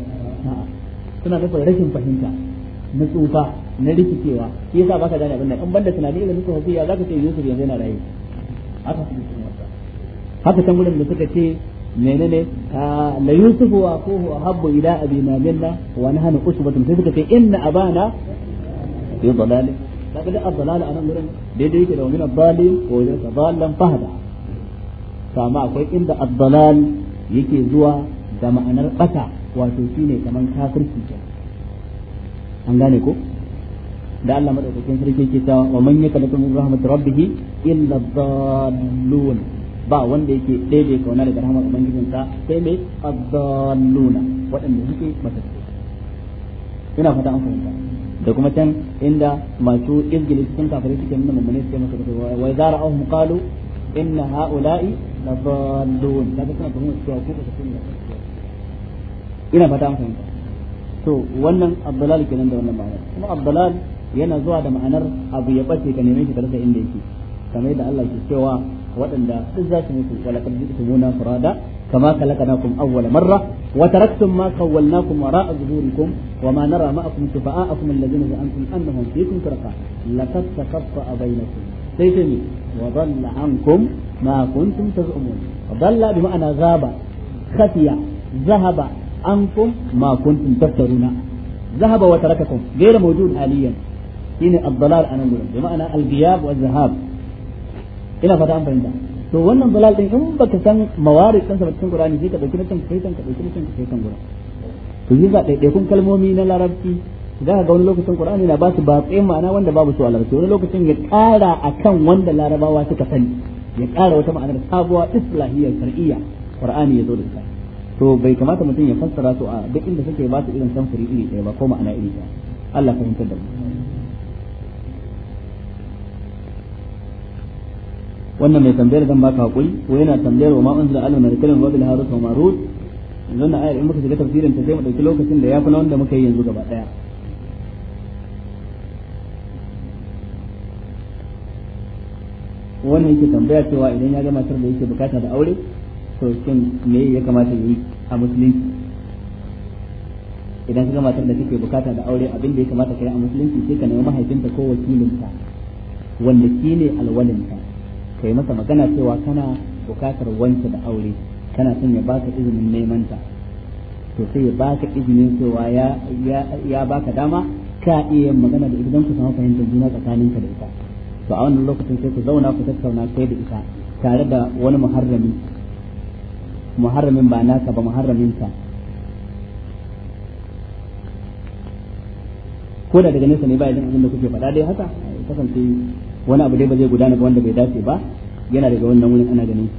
suna nufin rashin fahimta na tsufa na rikicewa shi yasa baka gane abin nan in banda tunani irin su hasiya zaka ce Yusuf yanzu yana rayu haka su yusuf wasa haka can gurin da suka ce menene la Yusuf wa kuhu habbu ila abina minna wa nahnu usbatun sai suka ce inna abana fi dalal kaga da dalal a nan gurin daidai yake da wani dalil ko da ka fahada kama akwai inda ad-dalal yake zuwa da ma'anar ƙasa wato shine kaman kafirci an gane ko da Allah madaukakin sarki ke cewa wa man yakadatu min rahmat rabbih illa dhallun ba wanda yake daidai kauna daga rahmar ubangijinsa sai mai adalluna waɗanda suke matattu ina fata an fahimta da kuma can inda masu izgili cikin kafirai suke nuna mummune suke masa da wai zara ahum qalu inna haula'i ladallun kaga suna tuhumar cewa ku ne ina fata an fahimta to wannan abdalal kenan da wannan ma'ana kuma abdalal yana zuwa da ma'anar abu ya bace ka neme shi ka rasa inda yake kamar yadda Allah ke cewa waɗanda duk za su mutu wala kad jitumuna furada kama khalaqnakum awwala marra wa taraktum ma khawwalnakum wara'a zuhurikum wa ma nara ma'akum shufa'akum alladhina za'antum annahum fiikum turqa laqad taqaffa bainakum sai sai ne wa dhalla ankum ma kuntum taz'umun dhalla bi ma'ana ghaba khafiya zahaba ankum ma kuntum taftaruna ذهب وترككم غير موجود Aliyan. shine ad-dalal anan gurin bi ma'ana al-ghiyab wa zahab ina fata an fahimta to wannan dalal din in baka san mawarid kansa cikin Qur'ani sai ka dauki nan kai kan ka dauki nan kai kan gurin to yin ga daidaikun kalmomi na larabci za ka ga wani lokacin Qur'ani na ba su batsayin ma'ana wanda babu su a larabci wani lokacin ya ƙara akan wanda larabawa suka sani ya ƙara wata ma'anar sabuwa islahiyya shar'iyya Qur'ani ya zo da ita to bai kamata mutum ya fassara su a duk inda suke ba su irin samfuri iri ɗaya ba ko ma'ana iri ɗaya Allah fahimtar da mu wannan mai tambayar zan baka hakuri ko yana tambayar wa ma unzila alal malaikain wa bil harut wa marut yanzu na ayar in muka shiga tafsirin ta sai mu dauki lokacin da ya kuna wanda muka yi yanzu gaba daya wannan yake tambaya cewa idan ya ga matar da yake bukata da aure to shin me ya kamata yi a musulunci idan kaga matar da kake bukata da aure abin da ya kamata kai a musulunci sai ka nemi mahaifinta ko wakilinta wanda shi ne alwalinta kai masa magana cewa kana bukatar wanke da aure kana son ya baka izinin neman ta to sai ya baka izinin cewa ya ya baka dama ka iya magana da idan ku samu fahimtar juna tsakanin ka da ita to a wannan lokacin sai ku zauna ku tattauna kai da ita tare da wani muharrami muharramin ba naka ba muharramin ta ko da daga nesa ne ba idan abin da kuke faɗa dai haka kasance wani abu dai ba zai gudana ga wanda bai dace ba yana daga wannan wurin ana ganin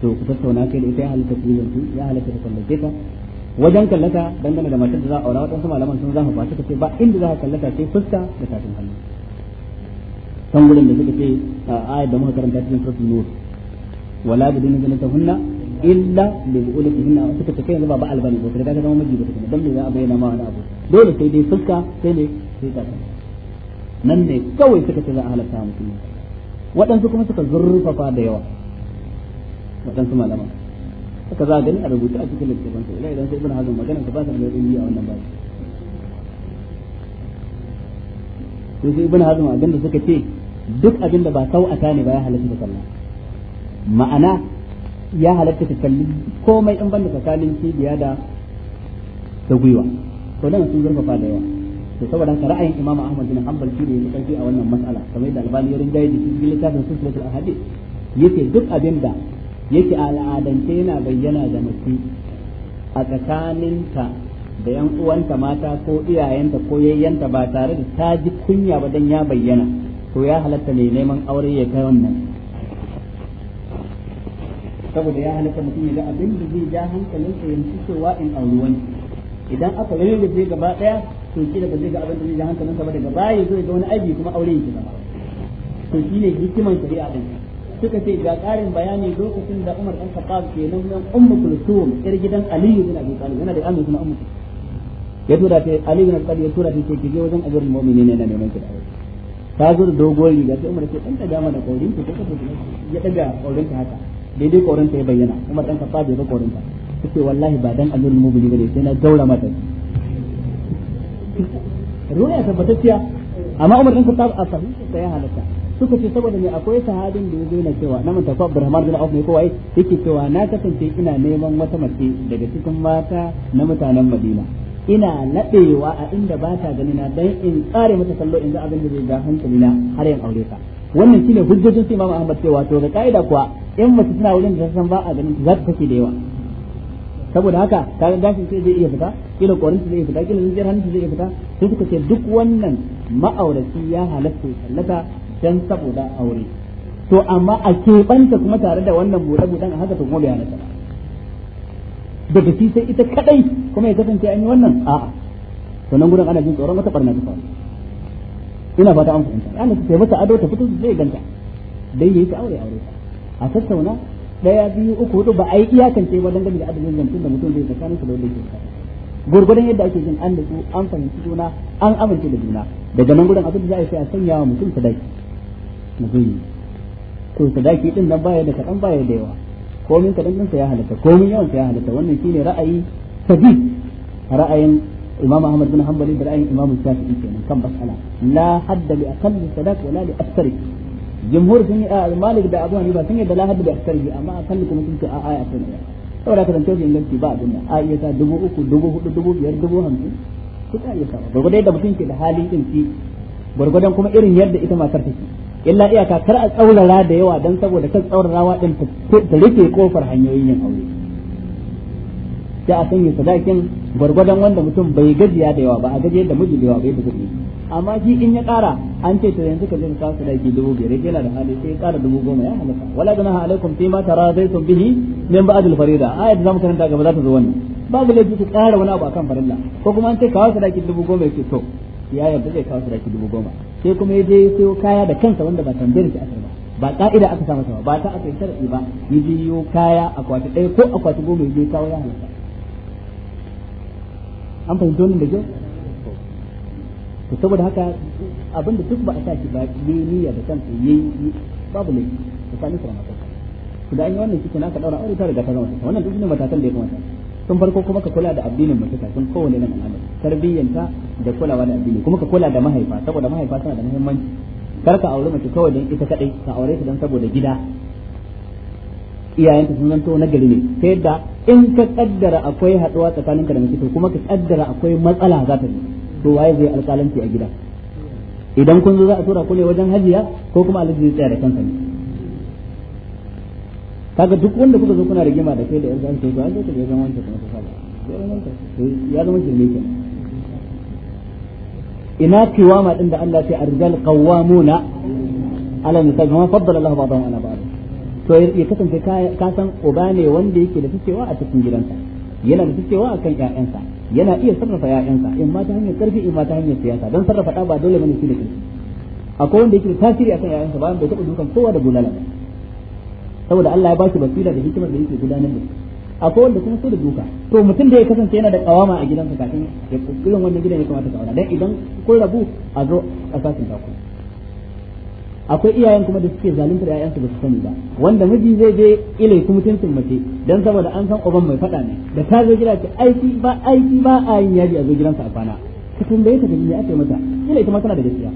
to ku tattauna kai da ita ya halatta ku yanzu ya halatta ta kallace ta wajen kallata dangane da matar da za a aura wadansu malaman sun zama ba suka ce ba inda za a kallata sai fuska da tafin hannu kan gurin da suka ce ayat da muka karanta cikin suratul nur wala bidun zinatahunna illa li bu'ulatihinna wa suka ce kai yanzu ba ba albani ko kaga zama miji ba kuma dan me za a bayyana ma wani abu dole sai dai fuska sai ne sai tafin nan ne kawai suka ce za a halatta mutum waɗansu kuma suka zurfafa da yawa waɗansu malaman haka za a gani a rubuta a cikin littafin sa idan sai ibn hazm magana ta ba ta da yi a wannan babu to sai ibn hazm abinda suka ce duk abinda ba sau'ata ne ba ya halatta ta sallah ma'ana ya halatta ta kalli komai in banda tsakanin cibiya da ta gwiwa to nan sun zurfafa da yawa to saboda ka ra'ayin Imam Ahmad bin Hanbal shi ne karfi a wannan mas'ala kamar yadda Albani ya rinjaye da cikin littafin Sulsulatul Ahadith yake duk abin da yake al'adance yana bayyana da mutum. a tsakaninta da yan uwanta mata ko iyayenta ko yayyanta ba tare da ta ji kunya ba dan ya bayyana to ya halatta ne neman aure ya kai wannan saboda ya halatta mutum ya ga abin da zai ja hankalinsa yanzu cewa in auri wani idan aka zai gaba daya to kila ba zai ga abin da zai ga hankalin sa ba daga baya zai ga wani aji kuma aure yake zama to ne hikiman shari'a din suka ce ga karin bayani lokacin da Umar dan Khattab ke nan nan Ummu kulsum yar gidan Ali bin Abi Talib yana da amin kuma Ummu ya tura ta Ali bin Abi Talib ya tura ta ce kije wajen ajrul Mu'minin ne neman ki da aure ta zo da dogon riga sai Umar ce dan da gama da kaurin ta ta ya daga kaurin ta haka daidai kaurin ta ya bayyana Umar dan Khattab ya ga kaurin ta ce wallahi ba dan Amirul Mu'minin bane sai na gaura mata ruwa ruwaya tabbatacciya amma Umar din Khattab a sahihi sai ya halatta suka ce saboda me akwai sahabin da ya na cewa na manta ko Abdurrahman bin Auf ne ko wai yake cewa na kasance ina neman wata mace daga cikin mata na mutanen Madina ina nadewa a inda ba ta gani na dan in tsare mata sallo in ga abin da zai ga hankali na har yan aure ka wannan shine hujjojin Imam Ahmad cewa to da kaida kuwa in mace tana wurin da san ba a ganin za ta take da yawa saboda haka kayan gashin sai zai iya fita kila korinta zai iya fita kila zai hannu zai iya fita sai suka ce duk wannan ma'aurati ya halatta ya sallata dan saboda aure to amma a keɓanta kuma tare da wannan bude-bude a haka to kuma bai da daga shi sai ita kadai kuma ya kasance an yi wannan a'a to nan gudan ana jin tsoron wata barna ta faru ina fata an fahimta ana ta taimaka ado ta fito zai ganta dai yayi ta aure aure a tattauna daya biyu uku hudu ba a yi iyakance ba dangane da adadin zantun da mutum zai tsakanin su da wanda yake gurgurdan yadda ake jin an nutsu an fahimci juna an amince da juna daga nan gudun abin da za a yi sai a sanya wa mutum sadaki mutum to sadaki din nan baya da kaɗan baya da yawa komin min din ya halatta komin yawan sa ya halatta wannan shine ra'ayi sabi ra'ayin imam ahmad bin hanbali da ra'ayin imam shafi'i kenan kan mas'ala la hadda li aqalli sadaq wala li aktsari jumhur sun yi a malik da abu ba sun yi da lahadu da sarki amma a kalli kuma sun ce a aya sun yi saboda ka zance inganci ba abin da a iya sa dubu uku dubu hudu dubu biyar dubu hamsin duk a iya sa gwargwadon yadda mutum ke da hali din ci gwargwadon kuma irin yadda ita matar take illa iyaka kar a tsaurara da yawa dan saboda kan tsaurarawa din ta rike kofar hanyoyin yin aure sai a sanya sadakin gwargwadon wanda mutum bai gajiya da yawa ba a gajiyar da miji da yawa bai da amma shi in ya kara an ce to yanzu ka je ka su daki dubu biyar yake yana da hali sai ya kara dubu goma ya halaka wala ganaha alaikum fi ma sun bihi min ba'd al farida ayat zamu karanta gaba za ta zo wannan babu laifi ka kara wani abu akan farilla ko kuma an ce wasu daki dubu goma yake to ya yarda zai wasu daki dubu goma sai kuma ya je ya sayo kaya da kansa wanda ba tambayar shi aka ba ba ka'ida aka sa masa ba ta aka yi shar'i ba ya je yo kaya kwati ɗaya ko kwati goma ya je kawo ya halaka an fahimta wannan da kyau to saboda haka abinda duk ba a sa shi ba ne niyya da kansa yi babu laifi tsakanin su da matar to da an yi wannan kike ka daura aure ta riga ta zama ta wannan duk ne matakan da ya kamata tun farko kuma ka kula da addinin mace kafin kowane nan al'amari tarbiyyanta da kulawa da addini kuma ka kula da mahaifa saboda mahaifa tana da muhimmanci kar ka aure mace kawai don ita kadai ka aure ta don saboda gida iyayenta sun zanto na gari ne ta yadda in ka kaddara akwai haduwa tsakaninka da mace to kuma ka kaddara akwai matsala za ta yi to waye zai alƙalanci a gida idan kun zo za a tura ku ne wajen hajiya ko kuma alhaji zai tsaya da kansa ne kaga duk wanda kuka zo kuna rigima da kai da yanzu to ba zai ka zama wancan kuma ka saba ya zama shirme ke ina kiwama din da Allah sai arzal qawwamuna ala misal ma faddala Allah ba'dahum ala ba'd to ya kasance ka san uba ne wanda yake da cewa a cikin gidansa yana da cewa akan ƴaƴansa yana iya sarrafa ƴaƴansa in ma ta hanyar karfi in ma ta hanyar siyasa don sarrafa ɗa ba dole bane shi da kirki akwai wanda yake tasiri akan ƴaƴansa bayan bai taɓa dukan kowa da bulala saboda Allah ya bashi basira da hikimar da yake gudanar da su akwai wanda kuma so da duka to mutum da ya kasance yana da kawama a gidansa kafin ya irin wannan gidan ya kamata ka wada dan idan kun rabu a zo a sasin ku akwai iyayen kuma da suke zaluntar ƴaƴansu ba su sani ba wanda miji zai je ilai kuma mutuncin mace dan saboda an san uban mai faɗa ne da ta zo gida ce aiki ba aiki ba a yin yaji a zo gidansa a kwana ka tambaye ta dalili aka ce mata ile ita ma tana da gaskiya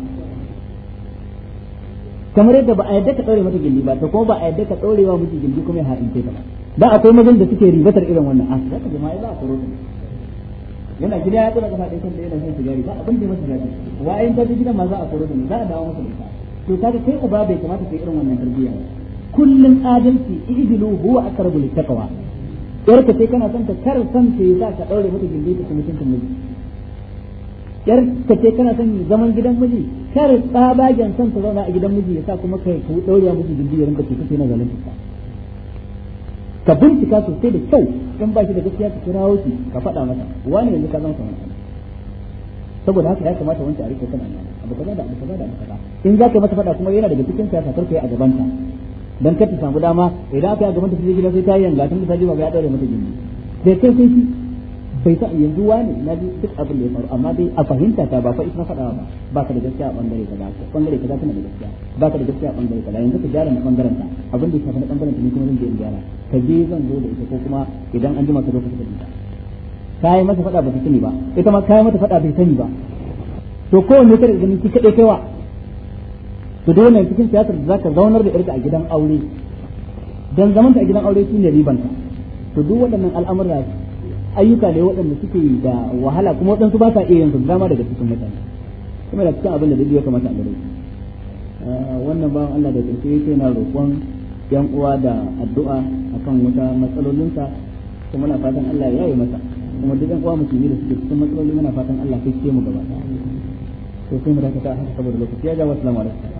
kamar yadda ba a yadda ka ɗaure mata gindi ba ta kuma ba a yadda ka ɗaure wa miji gindi kuma ya ha'ince ta ba da akwai mazan da suke ribatar irin wannan ah, a ma jama'a za a koro ta yana gida ya tsira kafa ɗaya kan da yana shan sigari ba abin da masa gaji wa'ayin ta ta gidan ma za a koro ne za a dawo masa da ita to kaga kai uba bai kamata kai irin wannan tarbiyya kullum adalci ijilu huwa akrabu littaqwa ka sai kana son ta kar san ta yasa ka daure mata gindi ta kuma cin miji ka sai kana son zaman gidan miji kar tsabagen san ta zauna a gidan miji yasa kuma kai ku daure miji gindi ya ka ce kace na zalunci ka bincika sosai da kyau in ba shi da gaskiya ka kirawo shi ka faɗa masa wani yanzu ka zama kamar saboda haka ya kamata wancan a rike kana nan abu kaza da abu kaza da abu kaza in za ka mata faɗa kuma yana daga cikin siyasa karka yi a gabanta dan kar ta samu dama idan aka yi a gabanta sai gida sai ta yi yanga tun da ta ji ba ya daure mata gindi da kai sai shi bai sa yanzu wani na bi duk abin da ya faru amma dai a fahimta ta ba fa ita na faɗa ba ba ka da gaskiya a bangare kaza ko bangare kaza tana da gaskiya ba ka da gaskiya a bangare da yanzu ka gyara na bangaren ta abin da ya shafi na bangaren ta ne kuma zan je in gyara ka je zan zo da ita ko kuma idan an jima ka zo ka ta ka yi masa faɗa ba ta sani ba ita ma ka yi mata faɗa bai sani ba to kowanne kare ganin ki kade kaiwa to dole ne cikin siyasar da zaka zaunar da irka a gidan aure dan zaman ta a gidan aure shine riban ta to duk waɗannan al'amura ayyuka ne waɗanda suke da wahala kuma waɗansu ba sa iya yin su dama daga cikin mutane kuma da cikin abin da dai ya kamata a gare eh, wannan bawan Allah da karshe yake na roƙon yan uwa da addu'a akan wata matsalolinsa kuma muna fatan Allah ya yi masa kuma duk yan uwa musulmi da suke cikin matsaloli muna fatan Allah kike mu gaba ɗaya sai sai mu dakata haka saboda lokaci ya ga wasu lamarin